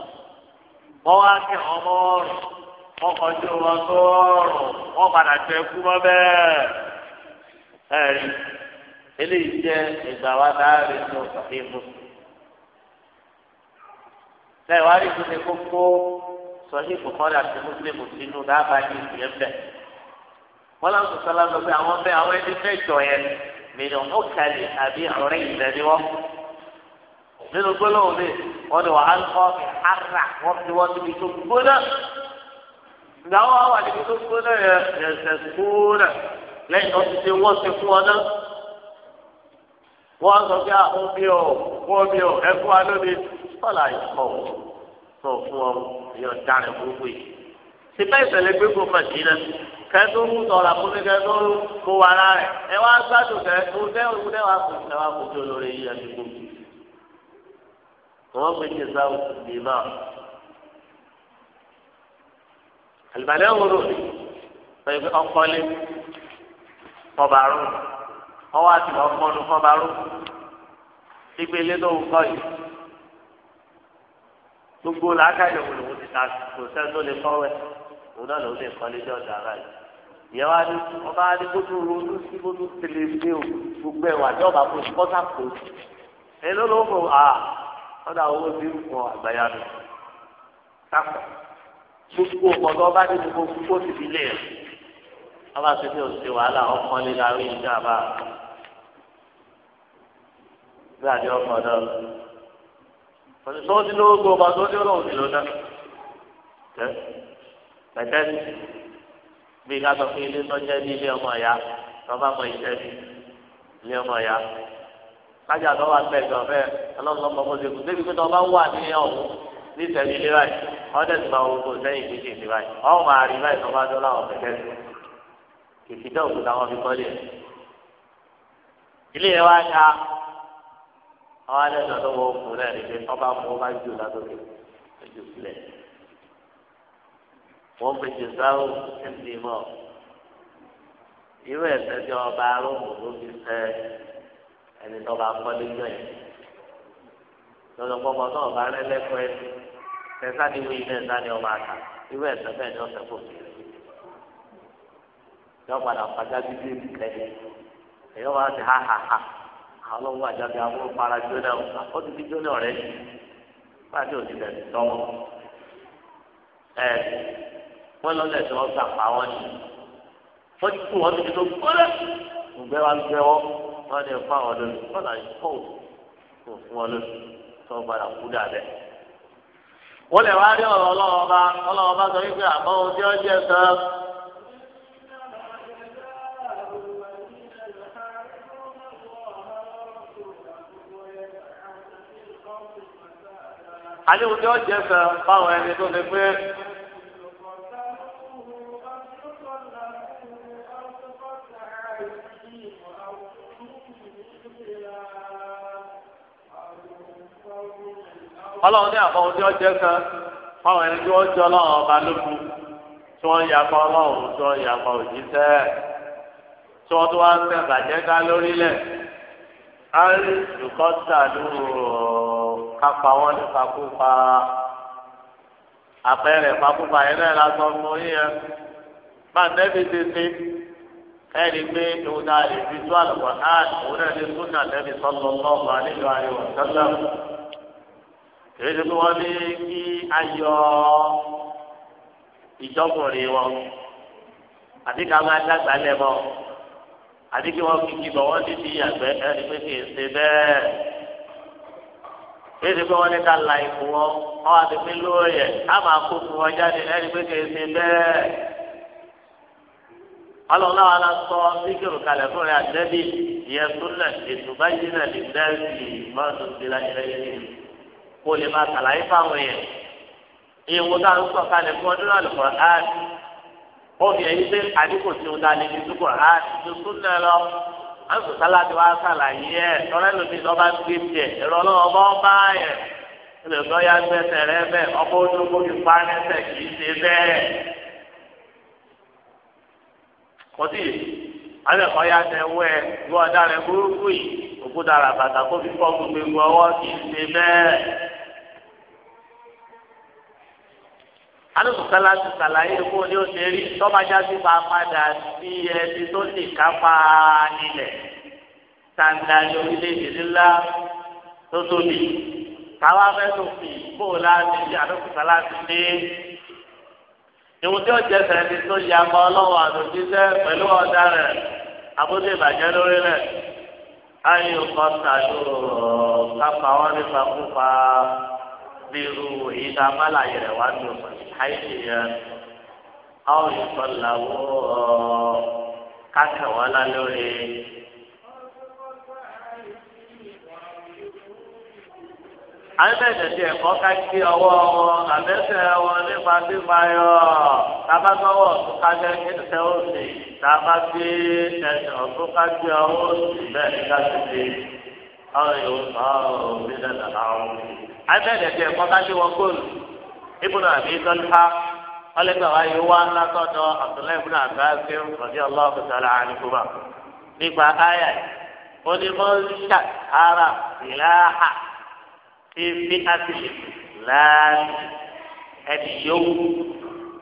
wọ́n wá ní ọmọ ọ̀rùn wọ́n kọjú tó ọ̀rùn wọ́n padà jẹ mọ́ bẹ́ẹ̀. ẹ̀rí eléyìí jẹ́ ìgbà wa rí ní ọ̀sán bẹ́ẹ̀ wá rí ìdúnni kókó sọ̀hí bùkọ́lá àti mùsùlùmí sínú dábàá ní ìpìlẹ̀ bẹ̀. wọ́n lọ́n sọ̀tọ́ lọ́sọ pé àwọn bẹ́ẹ̀ àwọn ẹni mẹ́jọ yẹn mìíràn ó kàlẹ̀ àbí ọ̀rẹ́ ìlẹ̀ ni wọ́n. nínú gbólóhùn mi wọ́n ní wàá kọ́ ara wọ́n fi wọ́n níbi tó gbóná. ìgbàwọ́ wà níbi tó gbóná yẹn ẹ̀sẹ̀ kúrẹ̀ lẹ́yìn tó ti ṣe wọ́n ti fún ọ náà. sọ pé àwọn bí ọ fọlá ìfọ̀ sọ fún ọ yọ dára gbogbo yìí. síbẹ̀ ìṣẹ̀lẹ̀ gbégbó màdínà kẹ́tọ́ ń tọ́ra fún mi kẹ́tọ́ ń kó wa ara rẹ̀ ẹ wá gbádùn kẹ́ dẹ́ òun dẹ́ wá kó ẹ wá kó tó lórí yìí àti gbogbo. wọ́n gbé jẹ sáwọ́ bì máa. àlùbálẹ̀ wò ló ní pẹ̀lú ọkọlé kọbarú ọwọ́ àti ọkọlù kọbarú ìgbélé tó ń kọ́ yìí gbogbo làákàyè wò lòun ti ta kò sẹ́ni tó lè kọ́wẹ́ òun náà lòun lè kọ́ léjọ́ dára yìí ìyẹn wá ní ọba ní gbódú ronú sí gbódú tẹlẹ ní o gbogbo ẹwà ní ọba kò sí kọ́sà kò sí ẹ ló ló ń bọ̀ à ọ̀dà owó ti ń pọ̀ àgbáyà lọ sáfà gbogbo ọ̀dọ́ ọba ní gbogbo gbogbo ti fi lé ẹ̀ ọba tó ní òṣìṣẹ́ wàhálà ọkọ líla rí ìjà bá gbàdé ọkọ náà òní tó ti lówó gbọ́ ọba tó ní ọlọ́run ti lò dá tẹ tẹtẹ ní bí ká sọ pé ilé tọ́jẹ́ ní ilé ọmọ ìyá tọ́ba mọ ìṣẹ́ ní ilé ọmọ ìyá kájà tó wà pẹ̀lú ọ̀fẹ́ ọlọ́run lọ́mọ bó ṣe kù débi pé tọ́ba wà ní ọ̀hún ní ìtẹ̀lé ilé báyìí wọ́n tẹ̀sí máa wo gbogbo sẹ́yìn kékeré ní báyìí báyìí tọ́ba àwọn àdéhùn tó wọ òkun náà ni pé ọba mú ọba jù ládòkè lójú sílẹ̀ wọ́n fi jìzáwó ẹ̀ǹdì mọ́ irú ẹ̀sẹ̀ tí ọba aróhùn ló fi sẹ ẹni tó bá kọ́ lójú ẹ̀ lọ́dọ̀pọ̀pọ̀ náà bá rẹ́ lẹ́kọ̀ọ́ ẹ̀ tẹ̀sán ni wíì náà sáni ọba àtà irú ẹ̀sẹ̀ bẹ́ẹ̀ ni ọ̀sẹ̀ kò sí yọ padà padà bíbí ẹ̀yọ́ wa ti ha ha ha. àwọn ọmọ àjàgbé àbúrò para jóná ọdún tí jóná rẹ pàṣẹ òsìlẹ tọmọ ẹ wọn lọ lẹsẹ wọn gbà pa wọn ni wọn ti kú wọn ti tó gbọdọ ògbẹ wa gbẹ wọn wọn ni fún àwọn wọn là ń kọ fún wọn padà kú dàbẹ. lè wá rí ọ̀rọ̀ ọlọ́wọ́ bá ọlọ́wọ́ bá sọ àníwò tí ó jẹ fẹ́ báwọn ẹni tó lè pé. ọlọ́run ní àwọn tí ó jẹ fẹ́ ẹni tí ó jọ ọlọ́run ọba lókun tí wọ́n ya pa ọlọ́run tí wọ́n tó wá ń tẹ̀ kápá wọn ní kakúpa àpẹẹrẹ kakúpa yẹn náà lásán fún yín yẹn máa nẹ́bi ti ṣe ẹni pé ìwọ náà lè fi tó àlùkò náà ìwọ náà lè tún náà nẹ́bi sọ́lọ́ lọ́ọ̀bà nínú àyẹ̀wò sọ́lọ́ èyí tí wọ́n ní kí ayọ̀ ìjọkùnrin wọn àti ká máa dàgbà lẹ́mọ́ àti kí wọ́n fi kí bọ̀ wọ́n ti di àgbẹ̀ ẹni pé kì í ṣe bẹ́ẹ̀. èsì pé wọ́n ní ká la ìfún wọn wọ́n wá ti pín lórí ẹ̀ máa kó fún wọn jáde ẹni pé kì ṣe bẹ́ẹ̀. ọlọ́run náà wà á sọ síkìrù kalẹ̀ fún rẹ̀ àtẹ́bí ìyẹn ètò náà lè ti la kó lè máa kàlàyé fáwọn yẹn. ìwọ náà ń sọ kalẹ̀ fún ọdún náà lọ́kọ̀ áàdì ó fi pé àdínkù àwọn sọlá ti wá sàlàyé ẹ tọ́lá ló ti lọ́ba gbé tiẹ̀ ẹ̀rọ ọlọ́wọ́ bọ́ bá yẹ olùkọ́ ya gbẹ́sẹ̀ rẹ bẹ́ẹ̀ ọkọ̀ ojúkó ti pa ẹsẹ̀ kì í ṣe bẹ́ẹ̀. kọ́tí alẹ́kọ̀ọ́ ya tẹ wọ́ ẹ bí wọ́n burúkú yìí òkúta ràbàtà kó fi kọ́ gbogbo ọwọ́ kì ṣe bẹ́ẹ̀. alùpùpàlà ti sàlàyé kó ní oṣù rí tọ́bajá sí pa padà sí ẹni tó lè kápá nílẹ̀ tàǹdà ní orílẹ̀-èdè ńlá tó tóbi káwá fẹ́ tó fi bóòlá ní alùpùpàlà ti dé ìwọ̀n tí ó jẹ́ sẹ́ni tó yà mọ́ ọlọ́wọ́ àtòjíṣẹ́ pẹ̀lú ọ̀dà rẹ̀ àbúté ìbàjẹ́ lórí rẹ̀ ayé ọkọ̀ tàdúró kápá wọn nípa kópa. biru èyí tá a bá láàyè rẹ̀ wá ní ọ̀sán àìsí yẹn a ó lè sọ làwọ̀ kákẹ́wọ́ lá lórí. àìbẹ̀dẹ̀ tí ẹ̀kọ́ ká kí ọwọ́ wọn àbẹ́sẹ̀ wọn nípa fífa yọ tábàgbọ́wọ́ tó kájẹ́ kí ń tẹ́ òsì ọyọ ọrọ mi dada ọrọ mi abẹ́rẹ́ tẹ ẹ̀kọ́ káṣí wọn góòlù ibùdó àbí tọ́lá ọlẹ́gbẹ́ wa yìí wá látọ̀dọ̀ Abdullahi ibùdó àbá ṣe ń rọ̀dí ọlọ́ọ̀kú sọ̀rọ̀ àníkùmá nípa ayà ó ní mọ́ ṣà ara ìlàhà tí fi àti láàrin ẹni yòówù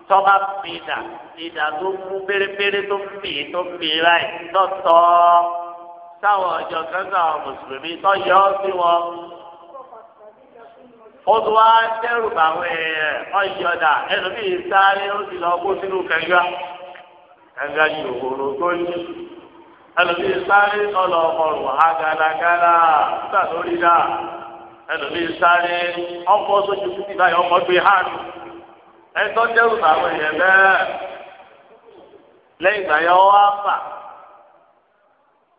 tọ́ba pìdà ìdà mú pérépéré tó pì tó pì láì tọ́tọ́. táwọn ọjọ́ kankan àwọn mùsùlùmí tó yọ ọ́ sí wọn. ó tún wá dẹ́rù báwọn èèyàn ọ̀yọ́dà ẹlòmíì sáré ó sì lọ kó sínú kẹ̀ǹgà kẹ̀ǹgà ní òhòrò tó sáré ọlọ ọrùn agalagala nígbà tó rí náà ẹlòmíì sáré ọkọ̀ sójú títí gbé báwọn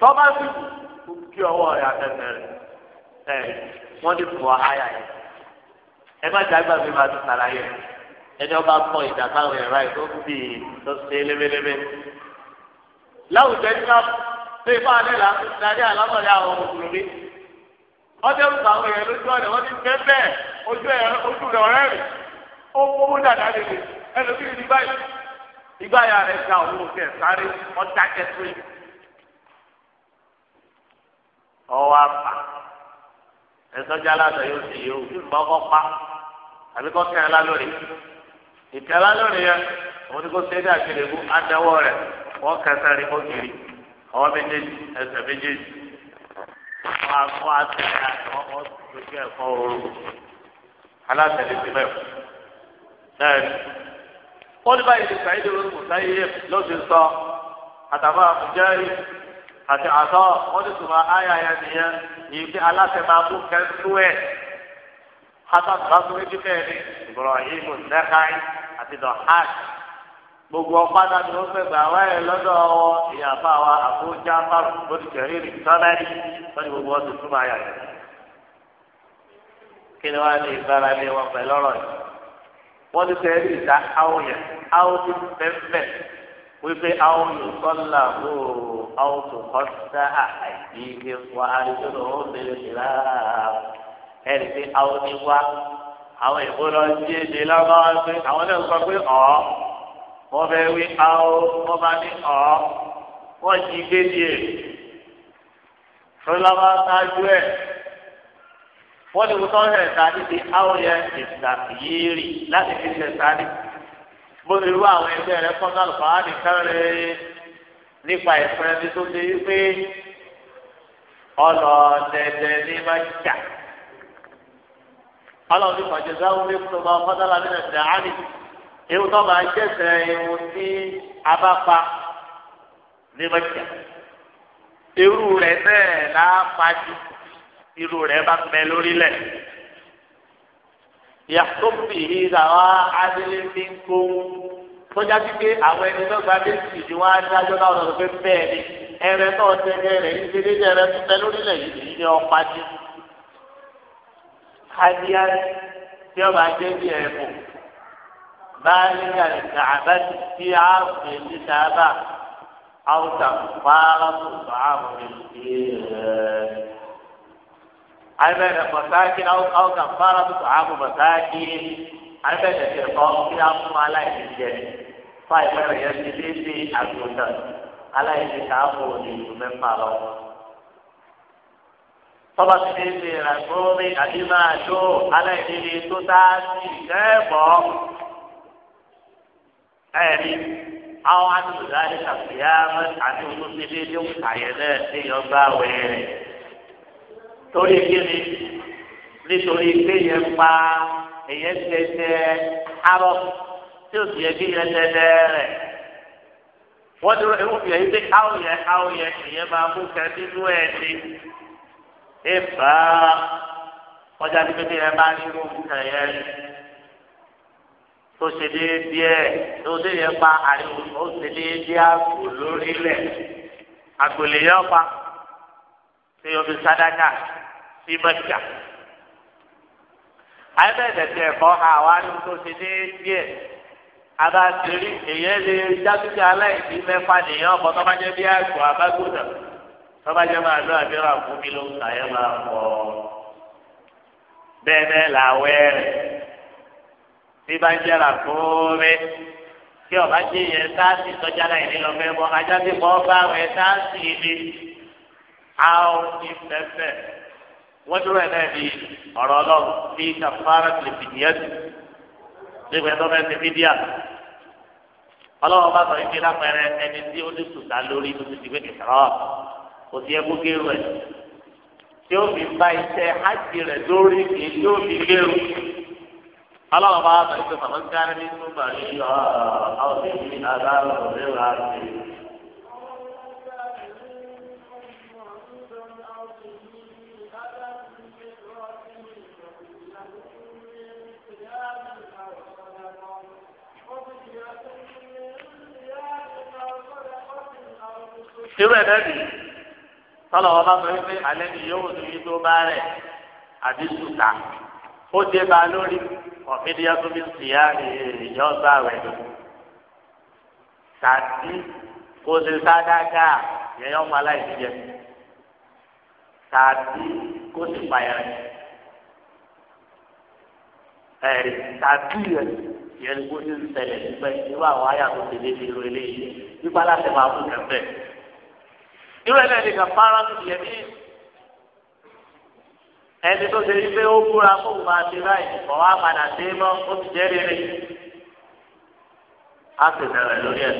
tọ́ba sí kí ọwọ́ rẹ̀ àtẹ̀tẹ̀ rẹ̀ wọ́n ní fún ọ̀háyà yẹn ẹ má ẹni ọba pọ̀ ìdàkàwé ẹ̀rọ ẹ̀ tó ń bì í tó ṣe lébelébe. láwùjọ ní ká pé fáwọn ẹ̀là ń àlámọ̀lẹ́ àwọn mùsùlùmí wọ́n tẹ́ ń sàwọn èèyàn lójú ọ̀nà wọ́n ti fẹ́ bẹ́ẹ̀ ojú rẹ̀ ọ̀rẹ́ rẹ̀ ó kó dàda lè lè ìgbà yà rẹ̀ ga òun ò tẹ̀ sáré ọ̀dà kẹsìrì ọwọ́ apá ẹ̀sọ́jà aláṣọ yóò sì yóò fi mọ́ ọkọ́ pa àbí kọ́ kẹ́ ẹ lálórí ìkẹ́ lálórí yẹn òun ni kò ṣe é dà kiri kú adáwọ́ rẹ̀ wọ́n kẹsẹ̀ rí kó kiri ọwọ́ méjèèjì ẹsẹ̀ méjèèjì wọ́n akọ́ àtẹ̀yà ọkọ̀ tó kẹ́ ẹ̀kọ́ ooru alátẹ̀lẹ́sí mẹ́fù náà wọ́n ní báyìí ní sàyẹ́dì olóògùn sáyé ló ti sọ àtàwọn àmújẹ́rì àti àtọ́ wọ́n ní sùnmọ́ ayé ayé nìyẹn yìí fi aláṣẹ máa mú kẹ́ńtú ẹ̀ hasan basuri jífẹ́ ní ibrahim nekai àti dọ̀hák gbogbo ọ̀pádà ni wọ́n fẹ́ gbà wá ẹ̀ lọ́dọ̀ ọwọ́ ìyàfa wa àbújá márùn lórí kẹrìnì sọ́nẹ́rì lórí gbogbo ọ̀sùn túmọ̀ ayà rẹ̀ kí ni wọ́n á ní ìgbára wọn pẹ̀lú ọ̀rọ̀ yìí wọ́n ti sẹ́ ẹ́rì ìta àwọn yẹn àwọn ti fẹ́fẹ́ wípé àwọn yóò sọ́là ó àwọn tó kọ́ sá àìdí ìgbé wa àdúgbò ló ń bèrè nílá ẹ̀rí pé àwọn ni wá àwọn ìbò lọ sí èdè lọ́wọ́ pé àwọn náà sọ pé ọ̀ wọ́n fẹ́ wí àwọn wọ́n bá ní ọ̀ wọ́n jí gbé díẹ̀ tó lọ́wọ́ sáájú ẹ̀ wọ́n ní wùtọ́ ń hẹ̀ sáadì ti áwòyẹ ìsàkìyírì láti fi ṣe sáadì. bó ti rú àwọn ẹgbẹ́ rẹ fọ́nà àlùfáàdì kẹrẹ nípa ẹ̀fọn ẹni tó ṣe wípé ọlọ́ọ̀dẹ̀dẹ̀ ní máa ń jà. ọlọ́ọ̀dún ìpàdé sáwọn ilé kúló máa fọ́nàlá nínú ẹ̀sìn àárín. ewu tó máa jẹ́sẹ̀ ewu tí a bá pa ní máa jà. rẹ̀ náà láá jù irú rẹ̀ bá pẹ́ lórílẹ̀. yàtọ̀bì làwọn adílẹ́bí ń kó tọ́já sí pé àwọn ẹni tó gba bẹ́sì ni wọ́n á dájọ́ náà lọ́dọ̀ pé bẹ́ẹ̀ ni ẹrẹ náà tẹ́lẹ̀ rẹ̀ yìí ṣe déédéé rẹ̀ tó pẹ́ lórílẹ̀ yìí ni ọ̀pá ní. adíyá tí ọba jẹ́ bí ẹ̀bùn báyìí àlùkà àbájú tí a fẹ́ níta bá àwùjọ fárá tó bá àwọn ènìyàn rẹ̀ ayibẹrẹ masaki aw aw ka baara bi sọn amu masaki ayibẹrẹ tẹrẹ kọ kí a fún ala yi jẹ fún ayibẹrẹ yẹ ti lé ní agbóta ala yi ti ká fún òní ìdúmẹ fàlọ. tọ́ba ti lé ní ìrànlọ́wọ́ àti máa tó ala yi ti tó tá a ti kẹ́ẹ̀bọ̀ ẹ̀rí àwọn àti ìdáyé kàfíà àti olùsílẹ̀ ló ń kàyẹ̀ náà ní ọgbà wẹ̀rẹ̀ torí kíni nítorí pé yẹn pa èyẹ tẹtẹ arọ tí o sì yẹ kí yẹn tẹtẹ rẹ wọ́n dúró ewu yẹ yìí pé awo yẹ awo yẹ èyẹ máa mú kẹ nínú ẹ ní ìfà ọjà tí pépé yẹn bá nínú kẹ yẹn tó ṣe déédéé tó ṣe yẹn pa àríwó tó ṣe déédéé àgbò lórílẹ̀ àgbò lè yọ pa tí yóò fi sádàkà sí mẹ́kà. àìbẹ̀dẹ̀ tí ẹ̀kọ́ àwa ni tó ti dé díẹ̀ abasiri èyí lè jákèjì aláìsí mẹ́fà nìyẹn ọkọ̀ tó bá jẹ́ bí àgbò abágùnà tó bá jẹ́ máa lọ àbíọ́rà fún mi ló ń kà yẹn máa pọ̀ bẹ́ẹ̀ bẹ́ẹ̀ làwẹ́ rẹ̀ bí bá ń jẹ́ra kóore kí ọba jẹ́ yẹn sáàsì sọ́jà láì ní lọ́fẹ́ bọ́ ajá ti bọ́ bá wẹ̀ sáàsì ni àwọn ìfẹ́fẹ́ wọ́n dúró ẹ̀ náà di ọ̀rọ̀ ọlọ́run bíi kàfárà tìlìfìdíẹ́sì nígbà tó fẹ́ ti fídíà ọlọ́run bá sọ ibi lápẹẹrẹ ẹni tí ó ní sùtà lórí tó ti di pé kìtàrọ́ kò sí ẹkú kéru ẹ̀ tí ó fi bá iṣẹ́ hajj rẹ̀ lórí kì í tí ó fi kéru ọlọ́run bá sọ ibi sọ̀rọ̀ ń kárí nínú bàrí ọ̀ọ́ àwọn ìdílé àbá ọ̀rẹ́ wa ti. irú ẹ̀ bẹ́ẹ̀ bì tọ́lọ̀ wọn bá sọ wípé alẹ́ ni yóò tún yí tó bá rẹ̀ àbí sùtà ó dé ba lórí ọ̀fíìdíyà tó fi sìyà ìyọ́ bá rẹ̀ lò tàbí kó ṣe sádágà yẹn yọ́ máa láì jíjẹ tàbí kó ṣe pààyàn ẹ̀rí tàbí rẹ̀ yẹn kó ṣe ń ṣẹlẹ̀ nípa irú àwọn àyà tó ṣe lé ní irú eléyìí nípa láti máa fún kẹfẹ́ irú ẹ̀ lẹ́yìn kan fara tó yẹ mí ẹni tó ṣe yí pé ó búra kó o máa ṣe báyìí kọ́ wá padà dé mọ́ ó ti jẹ́ rere á sì bẹ̀rẹ̀ lórí ẹ̀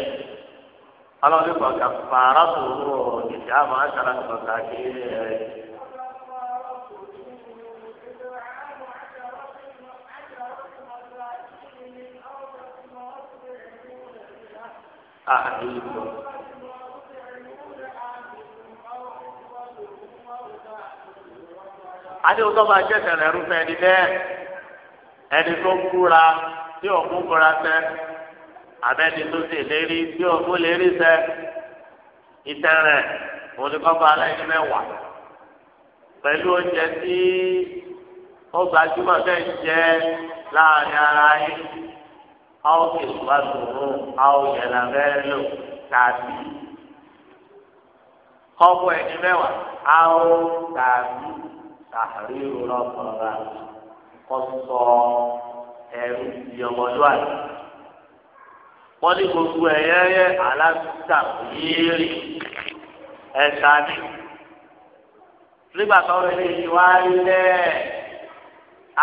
ọlọ́run kọ̀ kà fara tó o ìdí àmọ́ àṣàrà kọ̀ kà kí ẹ̀. Ah, isso. adéwò tó bá jẹ́ sẹ̀rẹ̀ rúfẹ́ ẹni bẹ́ẹ̀ ẹni tó kúra tí òkú kúra sẹ́ abẹ́ni tó sì lérí tí òkú lérí sẹ́ ìtẹ̀rẹ̀ oníkọ́ba aláìní mẹ́wàá pẹ̀lú oúnjẹ tí ó gbajúmọ̀ bẹ́ẹ̀ jẹ́ láàrin ara yín a ó kè wá lòrò a ó yẹ̀lá bẹ́ẹ̀ lò tàbí kọ́kọ́ ẹni mẹ́wàá a ó tàbí tàhírù lọ́sọ̀ọ̀ra kọ́sọ ẹ̀rù ti ọmọlúwàbí. wọ́n ní gbogbo ẹ̀yẹ́yẹ́ aláṣà yéèrè ẹ̀ka ní. nígbà táwọn ilé yìí wá rí lẹ́ẹ̀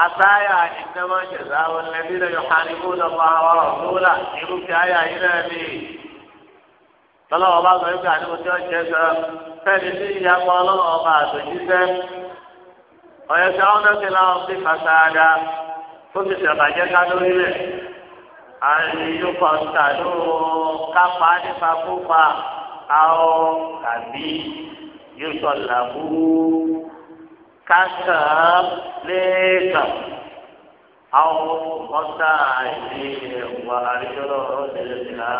àtàyà ìdámọ̀ ìṣẹ̀dá àwọn ẹbí rẹ̀ yọ̀ká ní kó lọ́pọ̀ àwọn ọ̀gbọ́nlá irúfẹ́ àyà yìí náà ní. tọ́lọ́wọ́ bá sọ wípé àdébòtí ọ̀ṣẹ́ sọ fẹ́ẹ̀ni sí ìyá pa ọlọ́wọ́ ọba àtòjíṣẹ́ ọ̀yọ́ sọ ọ́n náà ti la ọ́n ti fàṣàdá tó ti sàbàjẹ́ ká lórí rẹ̀ àyè kọ̀ǹtà ló kápá nípa kópa àwọn tàbí yóò sọ làbúrú káṣà lẹ́ẹ̀kan àwọn kọ̀ǹtà àìsí ẹ̀wà àríjọ́lọ́ ọ̀dẹ̀lẹ̀ sílá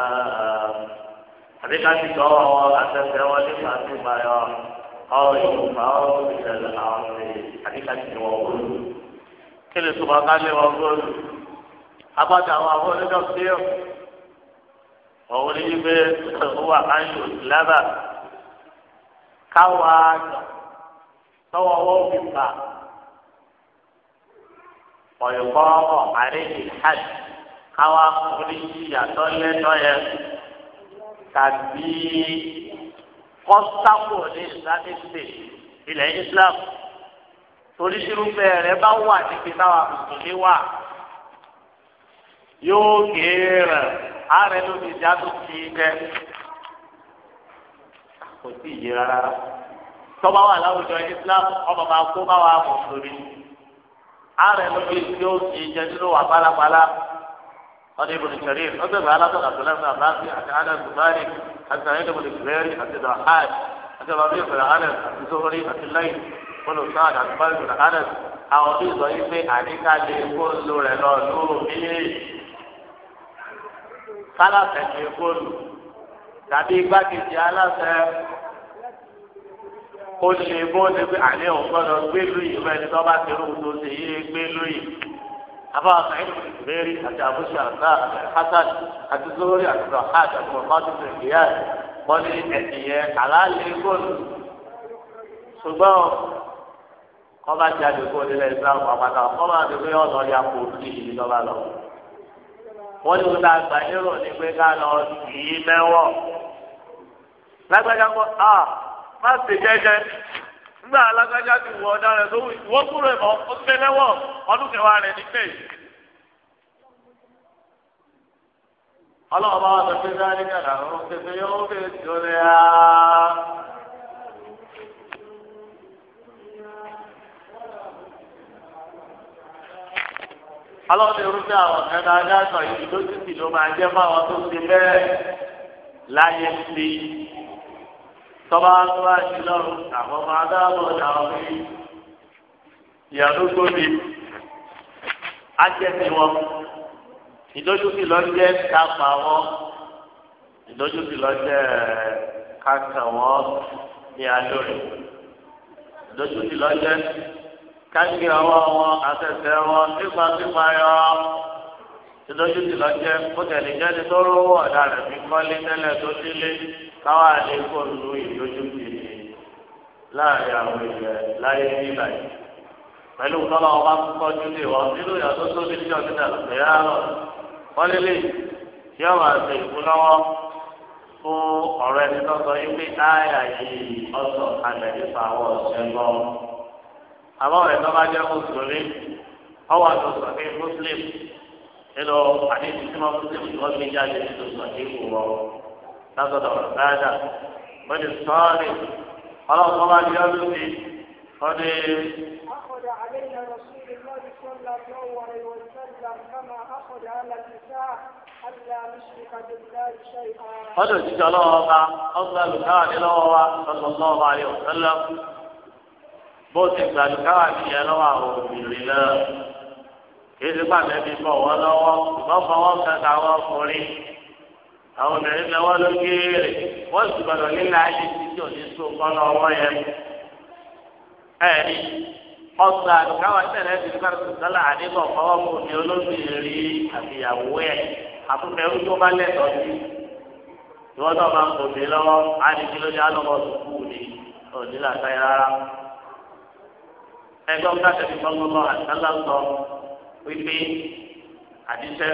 àbíkájú tọ́ àtẹ̀fẹ́ wọn nípa tó bá yọ ọ̀rọ̀ ìgbà ọ̀rọ̀ ìṣẹ̀lẹ̀ àwọn àdìkàtì ni wọ́n wọ́n kí ni tó bá bá lé wọn wọ́n abájọ àwọn àwọn onídọ̀ sí ọ̀ òun ní wípé ó wà áyù lábà káwa tọwọ́ wọ́n fi bà ọ̀yọ̀kọ́ àríyìn hajj káwa kúrò yíyàtọ̀ lẹ́tọ̀ yẹn tàbí kọ́sápò ní islamic state ilẹ̀ islam oríṣiríṣi rẹ̀ bá wà níbi táwa mùsùlùmí wà yóò gèrè ààrẹ lómi ìjà tó ti kẹ kò sí ìyè rárá tọ́ba wà láwùjọ islam ọmọ máa kó bá wa mùsùlùmí ààrẹ lómi ìjọ ti jẹ nínú wà pálapàla. قال ابن كريم أدب على طول عبد الله بن عباس حتى أنس بن مالك حتى عيد بن الزبير حتى ضحاك حتى ربيع بن أنس حتى زهري حتى الليل بن سعد عن مالك بن أنس àwọn tí sọ yìí pé àníká lè kóòlù rẹ lọ lóru mílíọ̀nù kálàfẹ lè kóòlù tàbí igbákejì aláfẹ kó lè bó lè pé àní òun gbọ́dọ̀ gbé lóyè ìwé ẹni tó bá ti rú tó ṣe yé gbé lóyè. أبا سعيد بن الزبير أتى أبو الشعباء الحسن أتى الزهري أتى الضحاك أتى مرقات بن الكياس قال لي على اللي يقول ṣùgbọ́n ọba ti àdìgbò nílẹ̀ islam àpàtà ọba àdìgbò yóò lọ ya kó kí i lọ́ba lọ. wọ́n ní wọ́n àgbà lérò ní pé ká lọ sí i mẹ́wọ́. lágbàdàgbọ́ a má nígbà alágbájá ti wọ ọ̀daràn tó wọ kúrò ẹ̀ mọ́ ó gbé lẹ́wọ̀ ọdún kẹwàá rẹ̀ nígbẹ̀ yìí. ọlọ́run bá wà sọ pé sáré kàdà ó ṣe pé yóò fi ìṣòro yá. ọlọ́run ti àwọn ọ̀gá dáadáa sọ ìdí lójútì ló máa jẹ́ fún tó ti bẹ́ẹ̀ láyé sí i tọ́ba tó bá ṣe lọ́rùn àwọn ọmọ adáàbọ̀ làwọn fi ìyàtọ̀ tó di ajẹ́sí wọn ìdójútì lọ jẹ́ kápá wọn ìdójútì lọ jẹ́ kákà wọn ní adóre ìdójútì lọ jẹ́ kágbé ọwọ́ wọn àtẹ̀tẹ̀ wọn nípa pípa yọ ìdójútì lọ jẹ́ kó tẹ̀lé jẹ́ni tó rówó ọ̀dà rẹ̀ fi kọ́lé tẹ́lẹ̀ tó délé káwá lè kó nu ìdójútì láàrin àwọn èèyàn láyé nígbà yìí pẹ̀lú tọ́lá ọba kúkọ́ júlé wọn nínú ìyàtọ̀ tó ní ìjọ nígbà lọ́sẹ̀ yá lọ wọ́n lé lè yọ máa ṣe ìkúnáwọ́ fún ọ̀rọ̀ ẹni tó sọ yín pé áyà yìí ọ̀sọ̀ àgbẹ̀ nípa àwọn ọ̀sẹ̀ lọ. àmọ́ ọ̀rẹ́ tó bá jẹ́ mùsùlùmí ọwọ́ àti ọ̀sọ̀kẹ́ mùsùlùmí nínú àdéhùn tí wọ́n mùsùlùmí lásọdọ dáadáa wọn ni sọọni ọlọ́run kọ bá di ọdún mi wọn ni. أخذ علينا رسول الله صلى الله عليه وسلم كما أخذ على النساء ألا نشرك بالله شيئا. هذا الجلالة أفضل كان لله صلى الله عليه وسلم bó ti gbàdúrà nìyẹn lọ́wọ́ àwọn obìnrin náà kí ẹ ti pàdé bí bọ̀ wọ́n lọ́wọ́ ìbọn fọwọ́ kẹta wọn kùnrin àwọn obìnrin bẹ wọ́n lókèèrè wọ́n sì gbọdọ̀ nílẹ̀ ayé títí òní tó kọ́nà ọwọ́ yẹn. ẹ̀rí ọ̀sán àdùkáwà tẹ̀lé ti ká sọ̀tọ́lá àdébọ̀ fọwọ́ kò ní olóbìnrin àtìyàwó ẹ̀ àtúntẹ̀rù tó bá lẹ́tọ̀ọ́ sí. ìwọ́n náà máa ń kò dé lọ́wọ́ àdìsí lójú alọ́mọ sùkúù ni òní làtàyè rárá. ẹgbẹ́ ọ̀gá tẹ̀sí fọ́nmọ́mọ́ àtàlá sọ wípé àdìsẹ́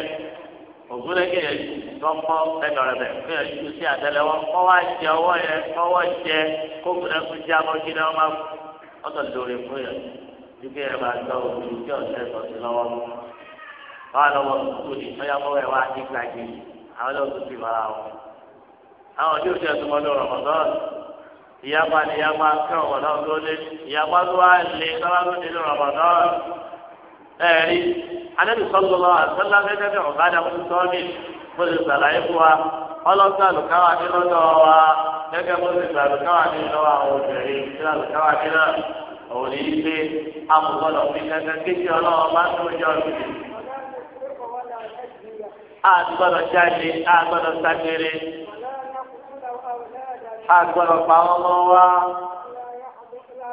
ògúnlẹ̀ kí yẹn tó mọ́ ẹ̀dọ̀ rẹ̀ bẹ̀ kí yẹn tó sí àtẹlẹwọ́ kọ́ wá jẹ ọwọ́ yẹn kọ́ wọ́ jẹ kó kúrẹ́ jẹ abọ́ kí ni wọ́n máa ọ̀tọ̀ lórí fún yẹn dúkìá yẹn máa gbọ́ òkú tí ọ̀sẹ̀ sọ sí lọ́wọ́ wọn lọ wọ sùkúù ní ọyàmọ́ ẹ̀ wá ní gbàgbé àwọn lọ sùkúù mara wọn. àwọn ojú ìṣẹ́ tó mọ́tò rọ̀mọ́tọ́n ìyapa ni ìyapa kí ọ̀wọ̀ náà ẹ̀rí anábì sọ́lọ́lọ́ àtọ́lá gẹ́gẹ́ bí ọ̀gádà fún sọ́ọ́mì mo lè sàlàyé fún wa ọlọ́sọ àlùkáwà ní lọ́dọ̀ wa gẹ́gẹ́ mo lè sàlùkáwà ní lọ́wọ́ àwọn obìnrin ní àlùkáwà ní náà òun ní í pé amúgbọ́dọ̀ fi gẹ́gẹ́ kéjì ọlọ́wọ́ bá tó jọ sí i. àgbọ̀dọ̀ jáde àgbọ̀dọ̀ sàgbére àgbọ̀dọ̀ pàwọn ọmọ wa.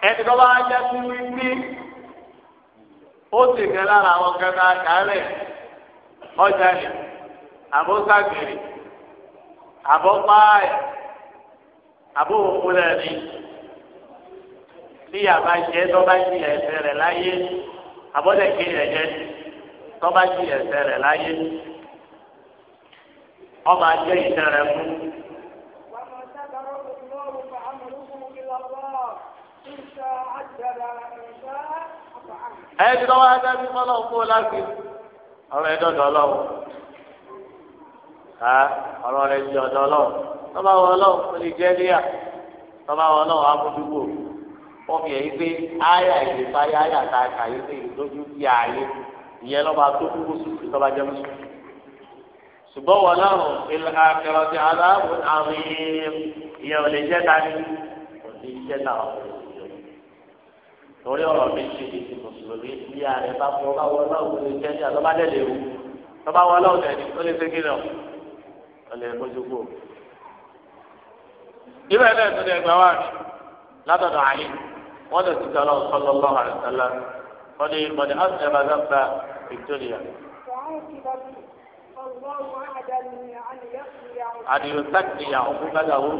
ẹni tó bá jẹ́ sí wípé ó sì kẹ́ lára àwọn kẹta kálẹ̀ ọjà ni àbọ̀sàgbèrè àbọ̀páàyà àbọ̀wòkúlẹ̀ ni tí yàrá jẹ tọ́ba jí ẹsẹ̀ rẹ̀ láyé abọ́dẹ̀kẹ́ rẹ̀ jẹ tọ́ba jí ẹsẹ̀ rẹ̀ láyé ọba jẹ́ ìtẹ̀rẹ̀ fún. ẹni tó wá dábí mọ́lọ́ kó láti ọ̀rọ̀ ẹ̀ dọ̀dọ̀ ọlọ́run ká ọ̀rọ̀ rẹ̀ di ọ̀dọ̀ ọlọ́run tọ́ba wọ ọlọ́run ó lè jẹ́ níyà tọ́ba wọ ọlọ́run amúdúgbò wọ́n fi èyí pé áyà ìlèpa áyà ta kàyé pé ìdójú bí ààyè ìyẹn lọ́ba tó kú kó sùn tọ́ba jẹ́ mọ́sùn. ṣùgbọ́n wọ ọlọ́run ilẹ̀ àkẹrọ̀ ti aláàbò àwọn ìyẹn ò lè jẹ́ dání ò mùsùlùmí bí ààrẹ bá fọ bá wọ náà wọlé jẹ ní àlọ́ bá dẹ̀ lè wù tó bá wọ náà dẹ̀ni ó lè ṣe kí lọ ó lè mójú kú. ibẹ̀ náà tó lè gbà wá mi látọ̀dọ̀ àyè wọ́n lè ti sọ̀rọ̀ sọ̀rọ̀ lọ́wọ́ àrẹ̀sọ̀lá wọ́n ní mọ̀lẹ́ ọ̀sẹ̀ bá gbà Victoria. àdìyẹ sákìlì àwọn òkú bá dà wọ́n.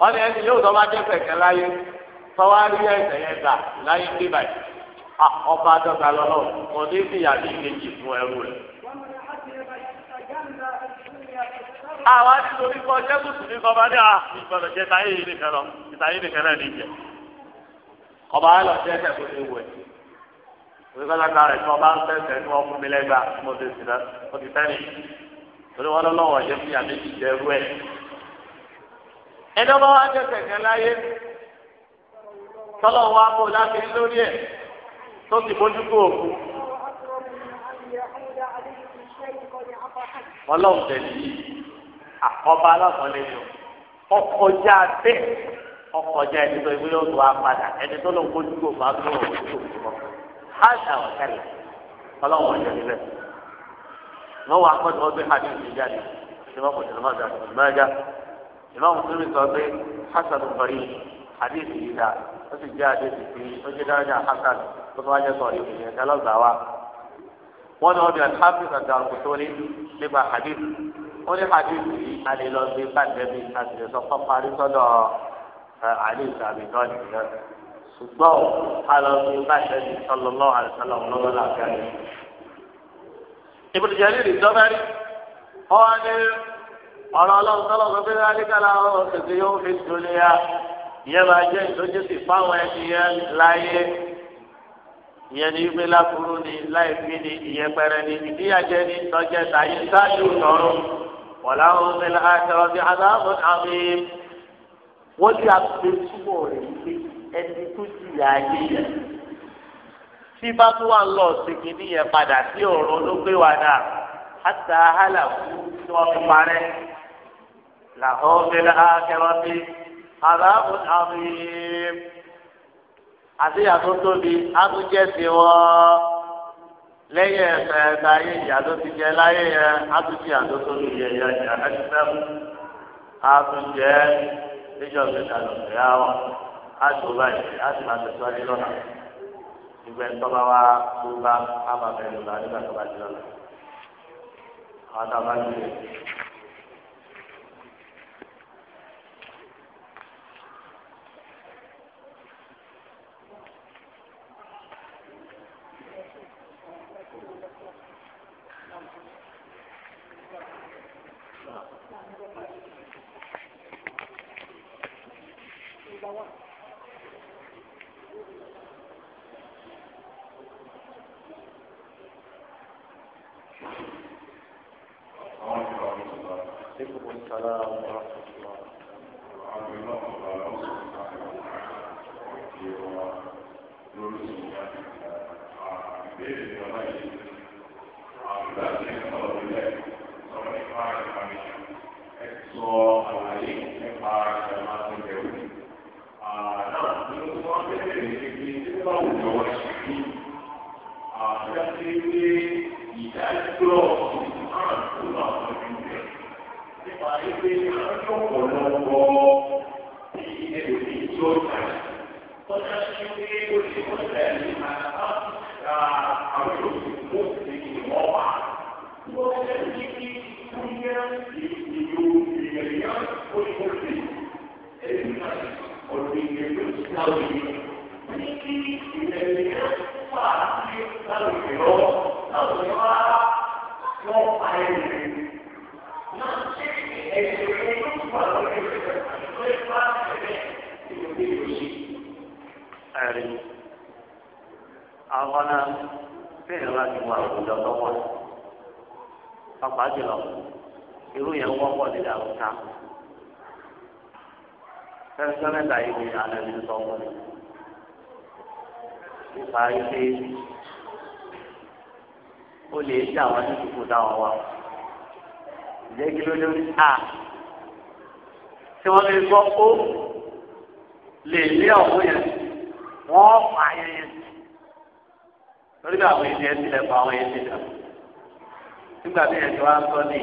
wọ́n ní ẹni yóò tọ́ bá dé pẹ̀kẹ́ láyé sọwárí ẹsẹ̀ yẹn gbà láyé bí báyìí ọba dọ́gba lọ́lọ́ kò ní fìyà ní ìkejì fún ẹrú rẹ̀. àwọn nítorí kọ jẹ́kùtù ní kọba ní à ah, ìgbọ̀dọ̀ jẹ táyé yìí nìkan lọ táyé nìkan náà ní ìjẹ. ọba á lọ sí ẹsẹ̀ kó ṣe wẹ̀. òṣìṣẹ́ lágbá rẹ̀ tí wọ́n bá ń tẹ̀sẹ̀ ní wọ́n fún mi lẹ́gbàá mo ti sì náà mo ti tẹ́lẹ̀ torí wọn lọ́wọ́ jẹ́ fìyà méjì jẹ́ tọ́lọ̀ wa kó láti rí lórí ẹ̀ tó sì bójú kó òkú. ọlọ́run tẹ̀lé yìí àkọ́bá alákọ̀ọ́lẹ̀ yìí ọkọjá bẹ́ẹ̀ ọkọjá ẹni tó ìwé lọ́dọ̀ wa padà ẹni tó lọ́n bójú kó bá tó òkú tó kú mọ́. àṣà ọ̀tẹ̀lẹ̀ ọlọ́run ọ̀jọ̀ níbẹ̀ wọ́n wá kọ́ tí wọ́n gbé hàdí ìjáde ìmọ̀ kò tẹ̀lé mọ́ ìmọ̀ ìmọ̀ ìmọ̀ ìmọ̀ ìmọ̀ ìmọ̀ àdéhùn yìí dá ó sì jẹ́ àdéhùn pé ó jẹ́ dáadáa hasan tó tó wájú sọ̀rọ̀ ìwé yẹn kálọ̀ gbà wá. wọ́n ní ọdún alhamdu kàdà kòtòrí nípa hadith ó ní hadith yìí alẹ́ lọ sí pàtẹ́bí àti ìsọ fún parí sọ́dọ̀ àdéhùn tàbí tọ́jú náà ṣùgbọ́n alọ́ sí pàtẹ́bí sọlọ́lọ́ àdìsọ́lọ́ lọ́wọ́ làbẹ́ àdé. ìbùdókè alẹ́ ìyẹn máa jẹ́ ìdójútì fáwọn ẹni yẹn láyé ìyẹn ní wípé lákúrú ni láì fi ni ìyẹn pẹrẹ ni ìdíyàjẹ ni tọjẹ tàyè sáájú tọrùn wọlá ń fi lọ àtẹwọ́ bí adáàbò àmì wọ́n ti àpètúmọ̀ rẹ̀ wípé ẹni tó jìyà ayé yẹn tí bá tó wà lọ ṣèké nìyẹn padà sí ọ̀rọ̀ ló gbé wa dà hàtà fún tí wọ́n fi làwọn fi lọ àkẹrọ bíi. àbáwò àmì àti ìyàtọ̀ tóbi àtúnjẹ ti wọ́n lẹ́yìn ẹ̀fẹ̀ ẹ̀ta ayé ìyàtọ̀ ti jẹ láyé yẹn àtúnjẹ ìyàtọ̀ tóbi yẹn yẹn ìyàtọ̀ àtúnjẹ níjọ́ ìgbésà lọ́sẹ̀ yà wọ́n àti òbá yìí àti máa tẹ̀síwájú lọ́nà ìgbẹ́ ńtọ́ba wa tó bá àbàbẹ̀ lọ́la nígbà tó ife ó lè ṣe àwọn ní kókó táwọn wá ǹjẹ́ kí ló dé ní a tí wọ́n lè gbọ́ ó lè lé ọ̀hún yẹn wọ́n fà yẹn yẹn lórí bí àwọn ènìyàn ti lẹ̀ fọ àwọn ènìyàn ti lẹ̀ nígbà tí ẹ̀jẹ̀ wa ń sọ ní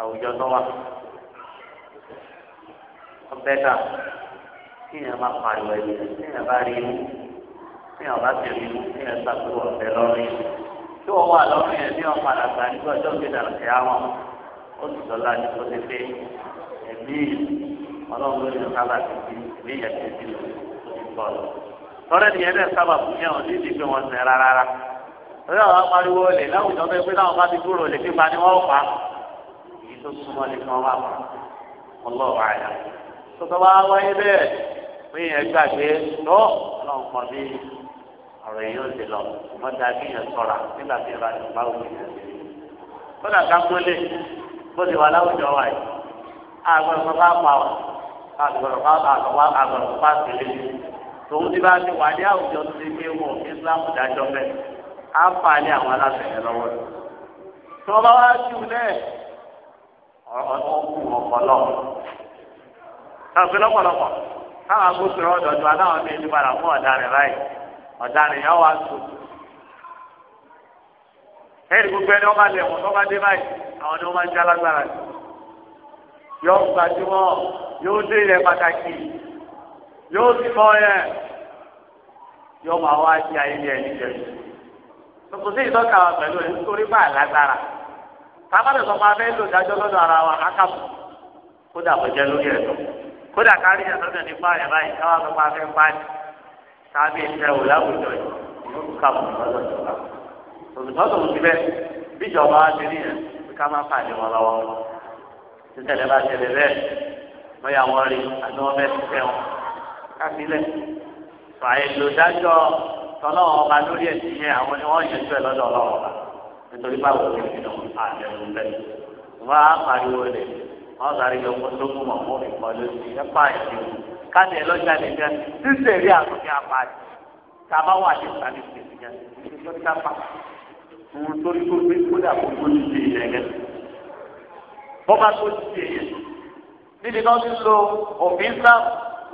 àwùjọ tó wà ọbẹ̀ náà kí èèyàn máa pariwo ẹ̀jẹ̀ kí èèyàn bá rí i tí wọn bá ti rí ní ẹ̀ka tó ọ̀fẹ́ lọ́rùn yìí tí wọn wà lọ́rùn yẹn ní ọ̀pá àgbà nígbà ọjọ́ gbèdà ọ̀kẹ́ àwọn ó sì lọ́la ní kó ti pé ẹ̀mí ọlọ́run ló ní sábà ti di ẹ̀mí yẹn ti di bọ́ọ̀lù. tọ́lẹ̀ nìyẹn náà sábà fún yẹn wọn ní ìdí pé wọ́n sẹ́ rárá lórí àwọn apariwo lè láwùjọ bẹ́ẹ̀ pé táwọn bá ti dúró lè fi pa ni wọ́n pa èyí tó súnmọ́ ní kí wọ́n wá pa ọlọ́wọ́ àyà tó tọ́ bá wáyé bẹ́ẹ̀ pé yẹn gbàgbé lọ́ọ̀ ọlọ́run kan bíi ọ̀rọ̀ yìí yóò ti lọ ṣùgbọ́n tá a fi yàn sọ̀ra nígbà tí ìbá ìbá òkè yẹn ti rí. kódà ká gbólé bó ti wà láwùjọ wa yìí àgbọ̀dọ̀ bá pa ọ̀ àgbọ̀dọ̀ bá pa àgbọ̀dọ̀ àgbọ̀dọ̀ bá tẹ̀lé tòun ti bá ti wà ní àwùjọ tó ti gbé wọn Islam dájọ́ bẹ́ẹ̀ á fà á ní àwọn aláṣẹ lọ́wọ́ tí wọ́n bá wá sí u náà ọkùn ọ̀pọ̀lọ́ ọ̀pọ̀lọpọ̀lọpọ̀ káwọn agbófinró aláwọn ní ẹni padà fún ọ̀daràn báyìí ọ̀daràn yẹn wà sùn. ẹnì gbogbo ẹni wọn bá lẹ̀ wọ́n tó bá dé báyìí àwọn ni wọ́n máa ń jalágbára yóò gbajúmọ̀ yóò dé ilẹ̀ pàtàkì yóò sì mọ yẹn yóò máa wá sí ayẹyẹ ẹni jẹ kò sí ìtọ́ka wa pẹ̀lú ẹ̀ nítorí bá a lágbára tábàdàn sọ ma fẹ́ lò dájọ́ lọ́dọ̀ ara wa akábù kódà kò jẹ́ lórí ẹ̀ tó kódà kárí ẹ̀ lọ́dọ̀ nípa ẹ̀ báyìí káwá sọ ma fẹ́ pàdé tàbí ìṣẹ́ wò láwùjọ yìí ló ń kà fún ìgbàlọ́ ìjọba òṣùpọ̀ tó ń síbẹ̀ bí ìjọba ti rí yẹn bí ká má pàdé wọn lọ́wọ́ títẹ̀lẹ́ bá ṣẹlẹ̀ bẹ́ẹ̀ lọ́yà wọn rí àti wọn bẹ́ẹ̀ tẹ̀ wọn káfílẹ̀ fàìlòdájọ́ tọ́lọ́wọ́ ọba lórí ẹ̀sìn yẹn àwọn ni wọ́n yẹn tó ẹ̀ lọ́dọ̀ ọlọ́wọ́ ọba nítorí báwo ló ń lọ àjẹmú bẹ́ẹ̀ wọ́n á pariwo rẹ̀ wọ́n sáré lọ́kọ́ tó kú mọ̀ fún ìpọ́nlẹ́sì ẹ̀pá ìdíwọ̀n kálẹ̀ lọ́jà nìkan sísè rí àtúnṣe àpáàdì tàbá wà ní ìsàlẹ̀ ìsèlú yẹn ìṣèjọ́ ní kápá òun torí tó gbé kódà kó tó ti ṣe ìyẹn gẹ́gẹ́. bọ́bá tó ti ṣe yẹn níbi náà ti lo òfin sáà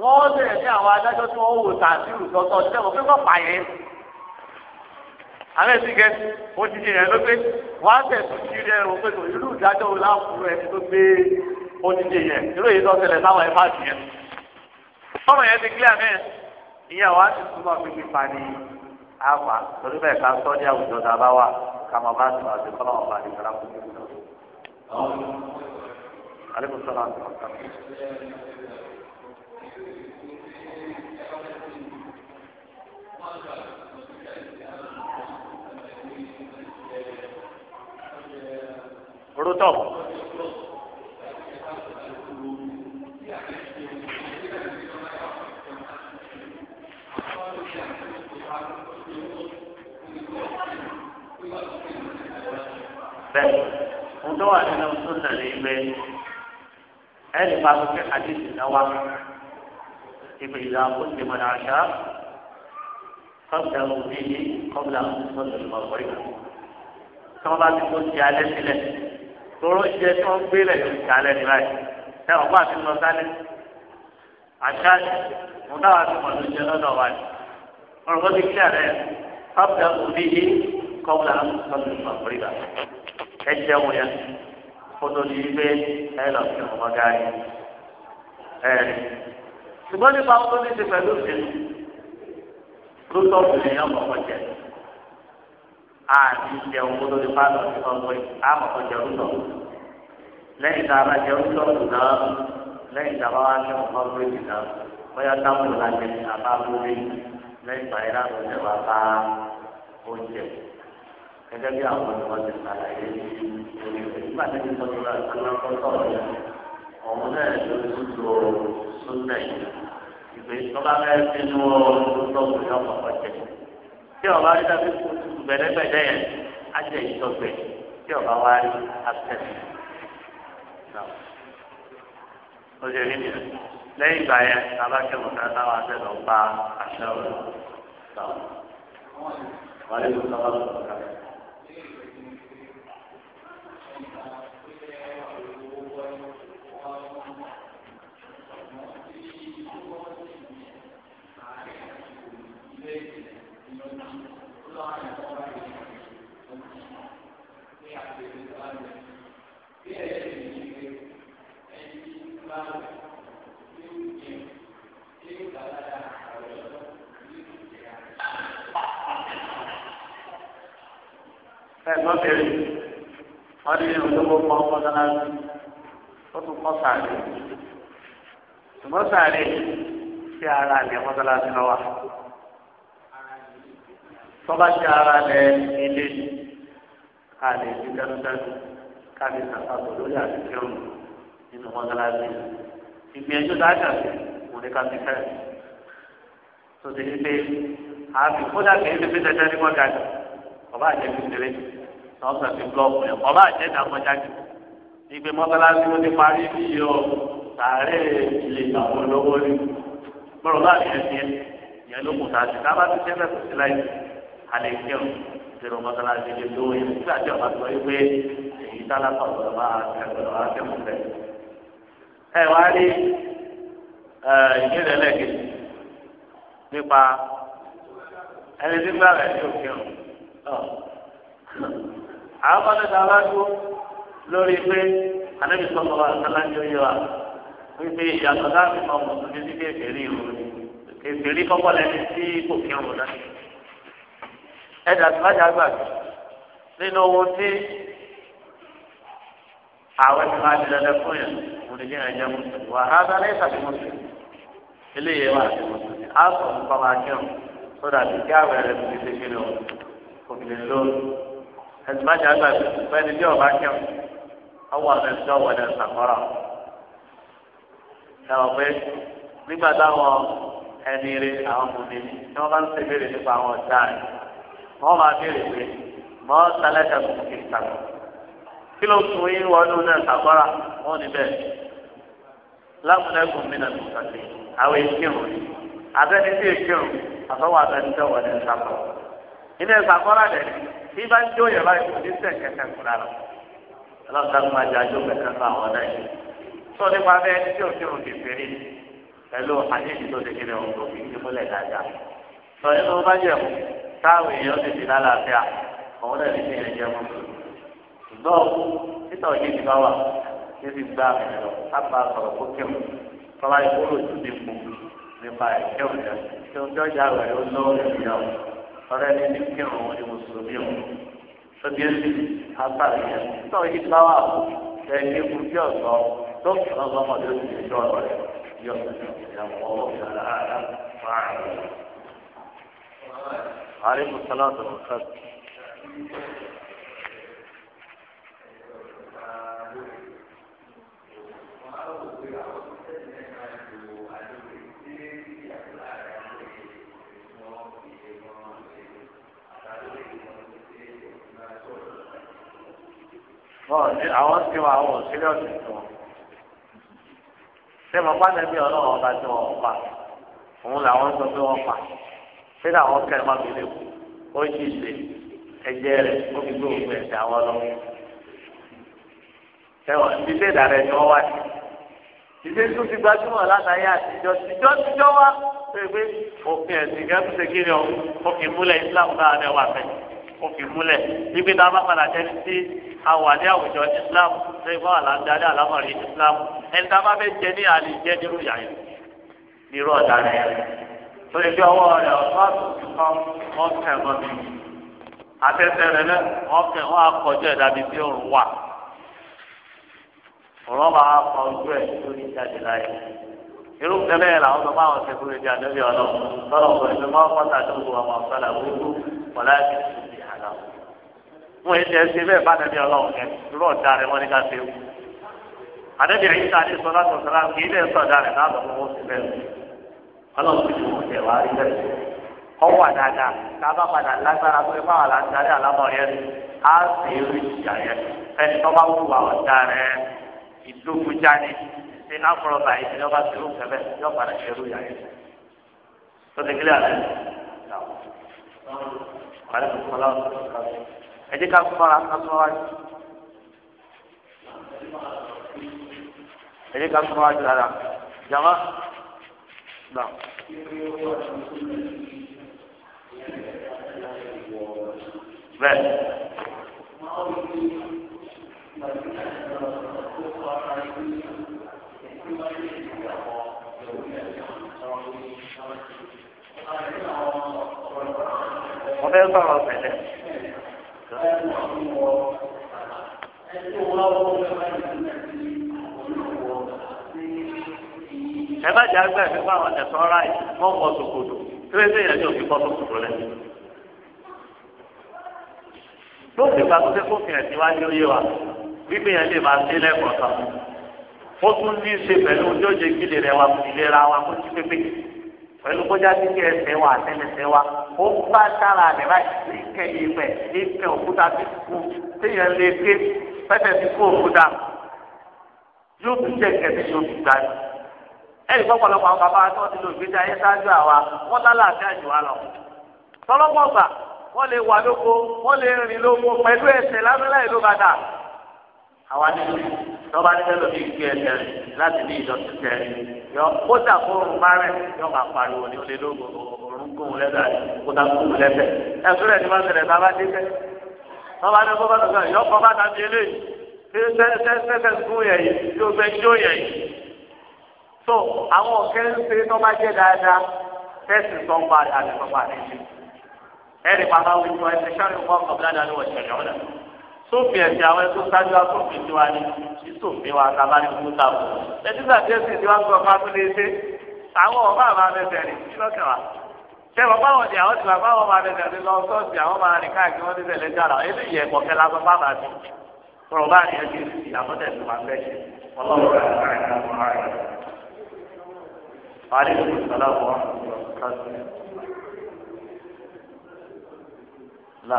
wọ́n bẹ̀rẹ̀ ní àwọn adájọ́ tí wọ́n wò tàbílù tọ́tọ́ ṣẹ́ wọ́n fẹ́ kọ́ pààyẹ́. àlẹ́ ìsìnkẹ́ ó ti ṣe yẹn ló pé wọ́n á tẹ̀sùn sí rẹ̀ rò pé kò irú ìdájọ́ wo láwùjọ ẹni tó gbé ó ti ṣe yẹn irú èyí tó ṣẹlẹ̀ sáwọn ẹ̀ ọmọ yẹn ti kílẹ̀ mẹ́ẹ̀ ìyẹn wàá ti túmọ̀ fífi pani àfà torí bẹ́ẹ̀ ká sọ ní àwùjọ tá a bá wà ká mọ̀ bá ti wà sí kọ́lọ́ ní kọ́lá fún mi. aleykum salaam wa rahmatulah. Rotop. bẹ́ẹ̀ ohun tó wà nínú sunna ní ibẹ̀ ẹnì máa tó fẹ́ àdéhùn náà wá ibi ìlà kó ti mọ̀ náà ṣá kọ́ńtà òbí ní kọ́ńtà òbí sọ̀tò ìmọ̀kọ́ ìgbà tí wọ́n bá ti kó ti alẹ́ sílẹ̀ tóró jẹ tí wọ́n gbé lẹ̀ ti alẹ́ ní báyìí ẹ̀ ọ̀pá àti lọ sálẹ̀ àṣà mo dáwà tó mọ̀ ló jẹ wa ni wọ́n rọ́ bí kílẹ̀ rẹ̀ kọ́ńtà òbí yìí kọ́wúlà sọ́nù ìmọ̀kúrìbà ẹ jẹun yẹn kótó ní wípé ẹ lọ sí ọmọ gáàrí ẹ ṣùgbọ́n nípa ọkọ ní ti pẹ̀lú òṣèlú lóòótọ́ òṣèlú yẹn kọ̀ọ̀kan jẹ àti jẹun kótó ní pàtó ní ọgbẹ́ àkọ́kọ́ jẹun tọ̀ lẹ́yìn tá a bá jẹun tọ̀ náà lẹ́yìn tá a bá wá ní ọgbẹ́ náà bóyá táwọn ìlànà àbá lórí lẹ́yìn báyìí láti ọ̀sẹ̀ wá bá oúnjẹ gẹ́gẹ́ bí àwọn ọmọ ti ṣàlàyé nígbà tí wọ́n ti ra alákọ̀ọ́tọ̀ rẹ̀ ọ̀hún náà ló ń tutù súnà yìí ìgbé tọ́ba bẹ́ẹ̀ sínú ọ̀rọ̀ tó kọ̀ọ̀kan jẹ tí ọba rí dábí gbẹdẹgbẹdẹ yẹn á jẹ ìtọ́gbẹ tí ọba wá rí absent ó ṣe rí nìyẹn lẹ́yìn ìgbà yẹn bàbá kẹ́wọ̀n náà táwọn akẹ́kọ̀ọ́ lọ bá aṣọ rẹ̀ sọ. wọ́n lè lọ sọ́wọ́ lọ́kàn ẹ lọ́tẹ̀rì wọ́n ní olówó kan mọ́sálásí ó tún kọ́ sàárè ṣùgbọ́n sàárè sí ara ilẹ̀ mọ́sálásí lọ́wọ́ tọ́ba sí ara ilẹ̀ ilé ká lè fi dánúdánú ká lè sàfàtò lórí àtúnṣe òun nínú mọ́sálásí ìgbìyànjú dájà sí òun ní ká fi fẹ́ tó ti ní pé àfi kódà kìí ṣe fi dandan ní mọ́gàdì ọba àjẹmí ìṣẹ̀lẹ̀ lọ́sọ̀ fi blọ́ọ̀kù yẹn kọ́ bá jẹ́ ìdàgbọ́jáde ìgbé mọ́sálásí ló ti parí bí yọ sàárẹ̀ ilé àwọn olówó rí gbọ́dọ̀ bá yẹn ti yẹn ló kù sáà sí kábà tó ṣẹlẹ̀ kù sí láì alẹ́ kẹrù kẹrù mọ́sálásí lè tó yẹn nígbà tí ọba sọ wípé èyí tá lápá ọ̀dọ̀ máa kẹrù akẹ́kọ̀ọ́ rẹ̀. ẹ wá rí ìbéèrè lẹ́gẹ̀ẹ́ nípa ẹni tí gbà rẹ̀ àwọn kan tẹ̀sán aláàdúró lórí pé anábì sọ̀rọ̀ wa sálájú yẹ wa wípé ìyàtọ̀ láti mọ mùsùlùmí sí kékeré ìlú kékeré kọ́kọ́ lẹ́ni tí kò kí ọ̀run náà ẹ̀dá tó bájà gbàgbé nínú owó tí àwọn ẹ̀sìn máa di dandan fún yẹn mo lè ní ẹ̀jẹ̀ mùsùlùmí wà á dá lẹ́yìn tàbí mùsùlùmí eléyìí wà á mùsùlùmí á sọ̀rọ̀ nípa máa kí àwọn ẹ̀rẹ́ mi kí ni o ẹ̀sìmájà gbà fẹ́ni bí ọba kẹ́wọ̀n ọwọ́ àbẹ̀sẹ̀ ọwọ́ ẹ̀ sàkọ́rọ̀ ẹ̀wọ̀n pé nígbà táwọn ẹni rẹ àwọn mùmíní tí wọ́n bá ń ṣe béèrè nípa àwọn ọ̀tá rẹ̀ wọ́n máa béèrè pé mọ́ sálẹ́sẹ̀ kò kì í sàkọ́ kí ló tún yín wọnú náà sàkọ́rọ̀ wọ́n ní bẹ́ẹ̀ mi nà tó kàdé àwọn ìkírun àbẹ́ni tí ìkírun àtọ́wọ́ àbẹ́ni tẹ́wọ̀ ní sàkọ́ ilé sàkọ́rọ̀ dẹ̀ bí bá ń jó yẹn báyìí kò ní sẹ̀ kẹ̀kẹ́ kúra lọ máa jẹ àjọ kẹ̀kẹ́ fún àwọn náà yìí sọ nípa bẹ́ẹ̀ tí òfin òfin fèrè pẹ̀lú àdéhùn tó ti kéde òun tó fi ti múlẹ̀ dáadáa sọ nínú bá jẹ̀ táwọn èèyàn ti di lálàáfíà àwọn náà ti fi yẹn jẹ mú ṣùgbọ́n títà òye ti bá wà níbi gbá ẹ̀rọ ápá sọ̀rọ̀ kó kẹ́wù tọ́lá ọ̀rẹ́ ní ní kírun wọn ni mùsùlùmí o sọ́dí ẹ̀sì àtàrí yẹn tó yí báwà o ẹ̀yìn ọ̀sọ́ tó kìlọ̀ sọmọdé ó ti jọ ọ̀rọ̀ rẹ̀ yọ ìyàwó ọ̀gá àdá fáàlì. Aleykum salaam wa rahmatulah. àwọn sí wọn àwọn òṣèré ọ̀sẹ̀ tó wọn. sẹ́wọ̀n pàtẹ́bí ọlọ́run ọba tí wọ́n pa òun làwọn sọ pé wọ́n pa ṣé làwọn kẹrin má bèrè kù ó sì lè ẹ̀jẹ̀ rẹ̀ ó fi gbé òkú ẹ̀sẹ̀ àwọn lọ. sẹ́wọ̀n ìdílé ìdàrẹ́ ni wọ́n wá sí ìdílé tó ti gbajúmọ̀ látàrí àtijọ́ tijọ́ tijọ́ wá pépé òfin ẹ̀sìn kẹ́kùsẹ̀ kí ni ó fi múlẹ̀ Islam náà rẹ̀ wà fẹ́ ó fi múlẹ̀ nígbà bá padà jẹ́ sí àwàdí àwùjọ islam ṣe fún àlàndáde àlámọ̀rí islam ẹni tá a bá fẹ́ jẹ ní àlè jẹ́ nírú ìyá yìí nírú ọ̀dà rẹ̀ lórí bí ọwọ́ rẹ̀ ọ̀tọ́ àtúntò kan wọ́n tẹ̀ wọ́n mi afẹ́fẹ́ rẹ̀ náà wọ́n tẹ̀ wọ́n akọjọ́ ẹ̀dá bíi kọ ojú ẹ̀ lórí jáde láyé irú tẹ́lẹ̀ làwọn ọmọ àwọn ṣẹkúrẹ́ di àdébíyàn náà tọ́lọ̀ pẹ̀lú mọ́ pátá àdúgbò àwọn ọ̀sán làwọn ojú wọ́n láti ṣe àlàfo wọn yìí tẹ̀ ṣe bẹ́ẹ̀ bá dẹ̀bi ọlọ́run kẹ́ irú ọ̀dà rẹ̀ wọ́n ní ká ṣe wù. àdẹ́bí àyíká ní sọ láti ọ̀sán láti kì í bẹ́ẹ̀ sọ̀dà rẹ̀ láàbọ̀ fún wọn sí bẹ́ẹ̀ ọlọ́run ti wọ̀ ẹ̀ wá rí bẹ́ẹ̀. ọwọ́ àdáadáa tá a bá padà lágbára pé báwa la ń darí àlámọ̀ á sì rí ìjà yẹn ẹni tó bá wù wà ọ̀dà rẹ̀ ìdókòjáde ṣe áfọ̀rọ̀ báyìí ni ọba ti rú kẹfẹ́ yọ padà ṣerú yà yẹn. tó ti kílẹ̀ àlẹ́ ẹ jẹ́ ká fara ká sọ wájú ẹ jẹ́ ká sọ wájú rárá jàmá nà. bẹ́ẹ̀. Wọ́n fẹ́ sọ̀rọ̀ pẹ̀lẹ́ ẹ má jẹ́ agbẹ́ mi fún àwọn ẹ̀sọ́ ráì wọ́n kọ́ sòkòtò ewé tó yẹ kí òfin kọ́ sòkòtò rẹ̀. lóòtù ìgbà tó dé fófin ẹ̀sìn wá ní oyé wa wípé yẹn lè máa dé lẹ́kọ̀ọ́ kan ó tún ní í ṣe pẹ̀lú ojú òjò ìkílè rẹ̀ wa ìlera wa kó tí pépé pẹ̀lú kọjá sí kí ẹsẹ̀ wa àtẹnẹsẹ̀ wa ó bá sára rẹ̀ báyìí ní kẹ́yìn pẹ̀ ní kẹ́ òkúta ti kú téèyàn lè ké pẹ́pẹ́ ti kú òkúta yóò tún jẹ́ kẹ́tẹ́ yóò tún gbá yìí. ẹ̀rí pọ̀pọ̀lọpọ̀ àwọn bàbá tó ti lo ìgbésí ayé sáájú àwa wọ́n lálẹ́ àti àjò wa lọ. tọ́lọ́pọ̀ gbà wọ́n lè wà lóko wọ́n lè rìn lóko pẹ̀lú ẹsẹ̀ lábẹ́lá ìlú bàtà àwa nínú tọ́ba níbẹ̀ lómi gbé ẹsẹ̀ láti ní ìdọ̀tí tẹ̀ yọ kódà kó ń parẹ́ yọ máa pariwo ní olè lógo òórùn gbóhùn lẹ́sẹ̀ kódà gbóhùn lẹ́sẹ̀ ẹ̀sùn rẹ̀ ní wọ́n ṣẹlẹ̀ bá bá dé fẹ́ tọ́ba ní kó bá tó sọ̀rọ̀ yọ kọ́ bá ta délé sẹ́sẹ́sẹ́ gún yẹ̀ yìí yóò fẹ́ jó yẹ̀ yìí. so àwọn ọ̀kẹ́ ń ṣe tọ́ba jẹ́ dáadáa tẹ́sí sọ́ńpa àti sọ́ńpa àti ẹ̀sìn ẹ̀rì pàtàkì wọn ẹ̀sìn sáré wọn kọ̀ sófin ẹ̀sìn àwọn ẹ̀sùn sáájú asófin tiwa ni sísòfin wa ta bá ní kú ta o ẹtí sàtí ẹ̀sìn tiwa ń sọ fún akúndé ṣe àwọn ọba àbá abẹsẹ rìn kí lọkẹ wa ṣé wọn báwọn ni àwọn tiwa báwọn máa bẹsẹ rìn lọ sọọsì àwọn máa rìn káàkiri wọn níbẹ̀ lẹ́jọ́ àrà eléyìí ẹ̀kọ́ kẹlá sọ fún àbàtì sọ̀rọ̀ bá ní ẹjọ́ ìsì àbọ̀tẹ̀ tó máa bẹ̀ ṣe ọlọ́run لا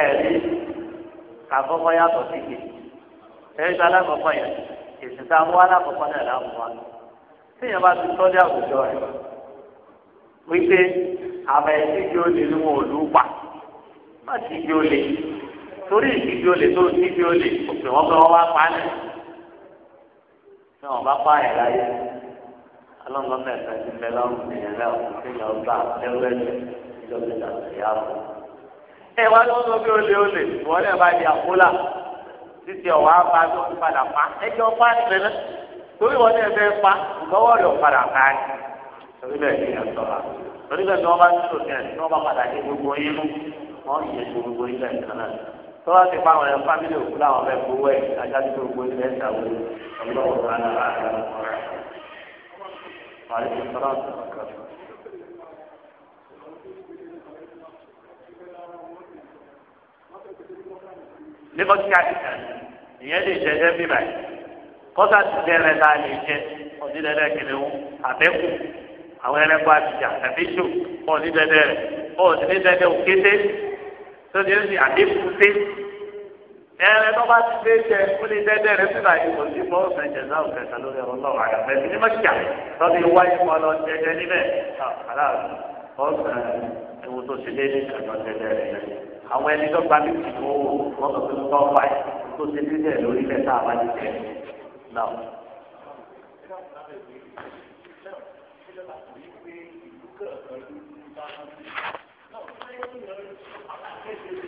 ẹ̀rí àkọ́kọ́ yàtọ̀ sí kejì ẹ̀rí tó alákọ̀ọ́kọ́ yẹn èsì tá a mú alákọ̀ọ́kọ́ náà láàmú wa tíyẹn bá ti tọ́jú àwùjọ rẹ̀ wípé àmọ́ ẹ̀sìn kí ó lè ní wọn ò lù pa má sì kí ó lè torí ìdíbi olè tó ìdíbi olè òpè wọn bẹ wọn wá wọn bá pa ẹ̀ láyé ọlọ́run mẹ́ta ti bẹ lọ́rùn ìyẹn náà kéèyàn gbà lẹ́wẹ́lẹ́ ìjọba ìjàmbá yà wọ́n. ẹ wá lọ́wọ́ lọ bí olè olè wọ́n lè bá di àkólà títí ọ̀wá bá tó ń padà pa ẹjọ́ pa ẹ̀sẹ̀ náà torí wọ́n lè fẹ́ pa ìgbọ́wọ́ rẹ̀ padà ká ẹ̀ torí bẹ́ẹ̀ ni ẹ̀ sọ̀rọ̀ torí bẹ́ẹ̀ ni wọ́n bá ń sọ̀rọ̀ kẹ́ ẹ̀ wọ́n bá padà dé gbogbo yín mú wọ́n yẹ gbogbo yín lẹ́yìn kan náà tó ti pa àwọn ẹ̀ fámílì òkú làwọn fẹ́ gbowó ẹ̀ ajá عليه الصلاة والسلام nígbà tí a ti kàn ìyẹn lè jẹ ẹbí báyìí kọ́sà ti jẹ ẹrẹ tá a lè jẹ ọ̀dídẹ́dẹ́ kìnìún àbẹ́kù àwọn ẹlẹ́kọ́ àtijọ́ àbíṣù ọ̀dídẹ́dẹ́ rẹ̀ ọ̀dídẹ́dẹ́ òkété tó ti ń sìn àbíkúté ẹrẹ tó bá ti dé jẹ kó dẹdẹ rẹ síta ìbò tí mo ń sẹjẹ náà ń kẹta lórí ọ̀rọ̀ náà wàyà pẹ̀lú ní mọkìá lọdí wáyé mọ lọ jẹjẹ níbẹ̀ aláàbò ọsàn ewu tó ṣe déédéé kàtó jẹjẹ rẹ àwọn ẹni tó gba bí ti kó wọn kò tó tọ́ báyìí tó ṣe déédéé lórí ilẹ̀ tá a bá ti jẹ náà. Thank you.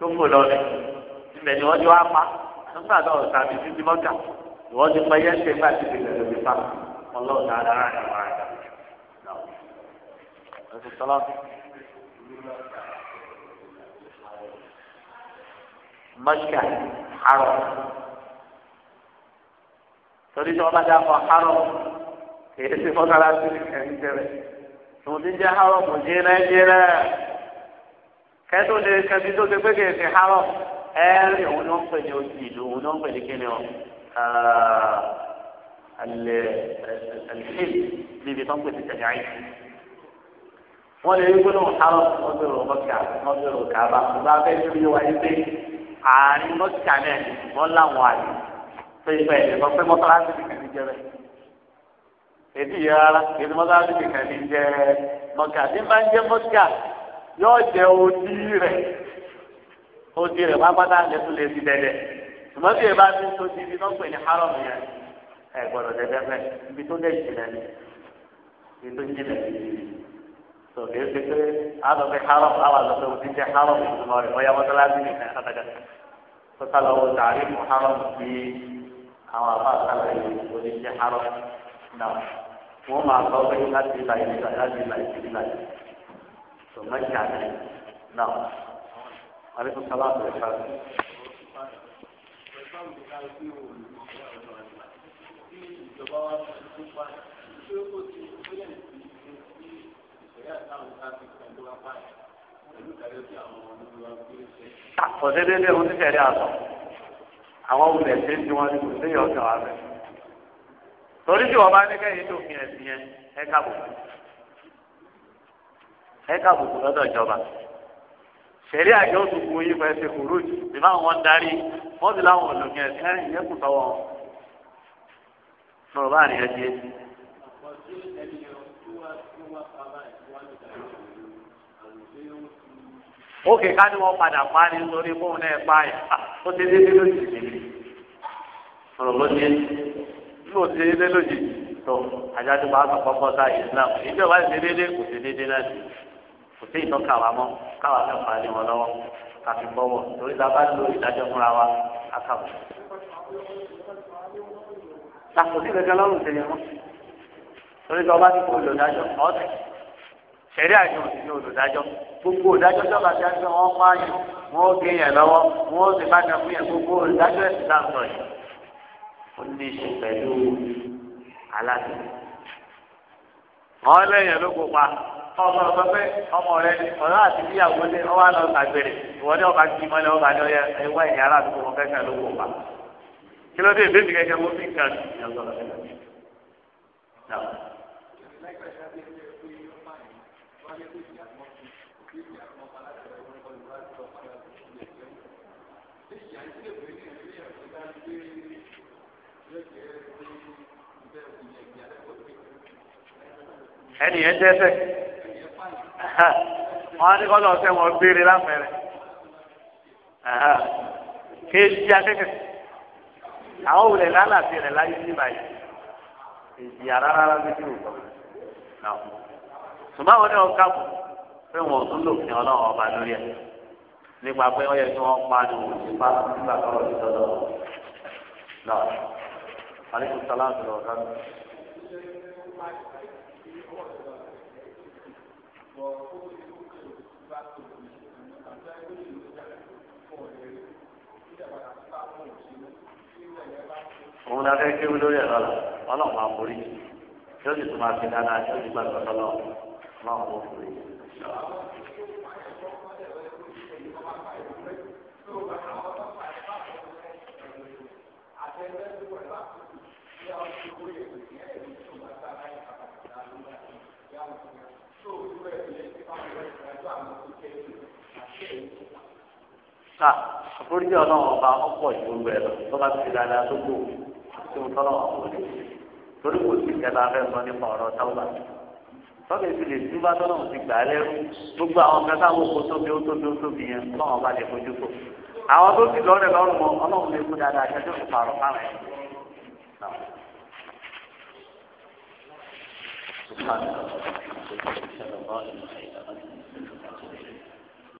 tó kò lọ rẹ ibẹ̀ ni wọ́n ti wá nígbà tó ọ̀sán di mọ́tà ìwọ́n ti pẹ́ yẹ́sẹ̀ gbà tí ìgbà ti pa ọlọ́ọ̀dà ara rẹ̀ wá rẹ̀. mọ́ṣíkà àrọ̀ torí tí wọ́n bá dá fọ àrọ̀ kì í ṣe fọ́nà láti ẹ̀yìn tẹ̀lé tòun ti jẹ́ àrọ̀ jẹ́ kẹtù lè kẹtù tó ṣe pé kì í ṣe hárọ ẹẹrì òun ló ń pè ní ojú ìlú òun ló ń pè ní kíni ọ alẹ alẹ níbi tó ń pè ní tẹ̀lé àyè wọn lè rí gbólóhùn hárọ wọn bẹ̀rù mọkà wọn bẹ̀rù kàbà wọn bá fẹẹ tó yẹ wáyé pé àárín mọkà náà wọn láwọn àyè pé ìgbà ìdè kan pé mọkàlásì nìkan ti jẹ bẹ́ẹ̀ èdè yẹn rárá èdè mọkàlásì nìkan ti jẹ mọkà tí n ń jẹ mọkà yóò jẹ odi rẹ̀ odi rẹ̀ pápátá lẹ́tún lè fi dẹ́dẹ́ ṣùgbọ́n bí ìbá ti ń tó ti ibi tó ń pè ní haram yẹn ẹ gbọ́dọ̀ dẹ́dẹ́ fẹ́ ibi tó dẹ́ jìnnà ni ibi tó jìnnà ni tó kìí ṣe pé àlọ́fẹ́ haram àwọn àlọ́fẹ́ òdi jẹ́ haram ìtumọ̀ rẹ̀ bóyá wọ́n tọ́lá sí nìkan kàtàkà tó sálọ wọ tààrí mu haram sí àwọn àbá àtàlà yìí òdi jẹ́ haram náà wọ́n máa sọ pé láti ìlà ìlà láti ìlà ìlà ثم الشافعي نعم عليكم السلام ورحمة Àkọsílẹ̀ lé wọn ti tẹ̀lé àtọ̀. Àwọn olùdẹ̀ ṣe ń di wọn ní kò sí ìyọ̀sẹ̀ wa bẹ̀. Torí tí wọ́n bá ní kẹ́yìn tó fi ẹ̀sìn yẹn, ẹ káàbọ̀ ẹ káàbùkù lọ́dọ̀ ìjọba sẹ̀rí àjọ òdùnkù yìí fẹ́ ṣe kúrú jù bí máa wọn darí mọ́tò láwọn olùkí ẹ̀ sẹ́rìn ìyẹn kù tọwọ́ wọn. sọ̀rọ̀ báà ní ẹ ti ẹ ti. ókè ká ní wọn padà pa ni nítorí fóun náà pa ẹ̀ ah, ó ti dé dé lójijì ni ló ní yóò ti dé dé lójijì tó ajá tó bá sọ pọ́pọ́ sáà Islam ìjọba ti kò ti dé dé náà kò sí ìtọ́ka wa mọ́ káwa náà fà lé wọn lọ́wọ́ káfí bọ́wọ̀ torí ta bá lo ìdájọ́ fúnra wa akáwọ̀. àkòsí gẹ́gẹ́ lọ́rùn tẹ̀lé wọn torí ta bá ti kó olùdájọ́ ọ̀tẹ̀ sẹ̀rí àjọ òsì ní olùdájọ́ gbogbo olùdájọ́ sọ́ba ti àjọ wọn pa yẹn wọn ó gé yẹn lọ́wọ́ wọn ó sì bá jẹ fún yẹn gbogbo olùdájọ́ ẹ̀sìn náà sọ yìí ó ní í pẹ̀lú aláṣẹ. wọ́n lẹ́yìn ló kópa ọmọ ọmọ pé ọmọ rẹ ọ̀rọ̀ àti ìyàwó lé ọwọ́ àlọ́ àgbèrè ìwọlé ọba kì ya mọ́lẹ̀ ọba ní ọyẹ ẹwà ẹ̀yìn ará àdúgbò wọn kẹ́kẹ́ ló wò wá. kí ló dé ìbéèrè kẹ́kẹ́ mo fi ń wọn á ní kọ́ lọ́ọ́ sẹ́wọ̀n gbére lápẹ̀rẹ̀ kéèjì akẹ́kẹ́ àwọn òwúlẹ̀ láyé ní báyìí rárá bí pé wọn tún lò ọba lórí nípa pé yẹ kí pa ní alẹ́ kò sálá ń sọ̀rọ̀ ọ̀gá mi. bọ̀ ó lè kó kéré bá tó o ní àti ẹgbẹ́ ìlú ìjọba fún ọ̀rẹ́ rẹ̀ ìjọba òun la fẹ́ lórí ẹ̀rọ la máa borí tí ó sì tún máa fi tí ó sì máa borí. ká àforíjì ọlọ́run ọba ọ̀pọ̀ ìṣòro ẹ̀ lọ tó bá ti dáadáa tó kù tí mo tọ́lọ̀ ọ̀pọ̀ òde torí kò sí ìkẹta afẹ́ sọ nípa ọ̀rọ̀ táwọn àti tọ́kì ti lè tí bá tọ́lọ̀ ti gbà lẹ́rú gbogbo àwọn kan táwọn oko tóbi ó tóbi ó tóbi yẹn lọ́wọ́n bá lè fojú fò àwọn tó ti lọ́rẹ̀ lọ́rùn mọ́ ọlọ́run lè kú dáadáa àtẹ́jọ́ fi pààrọ̀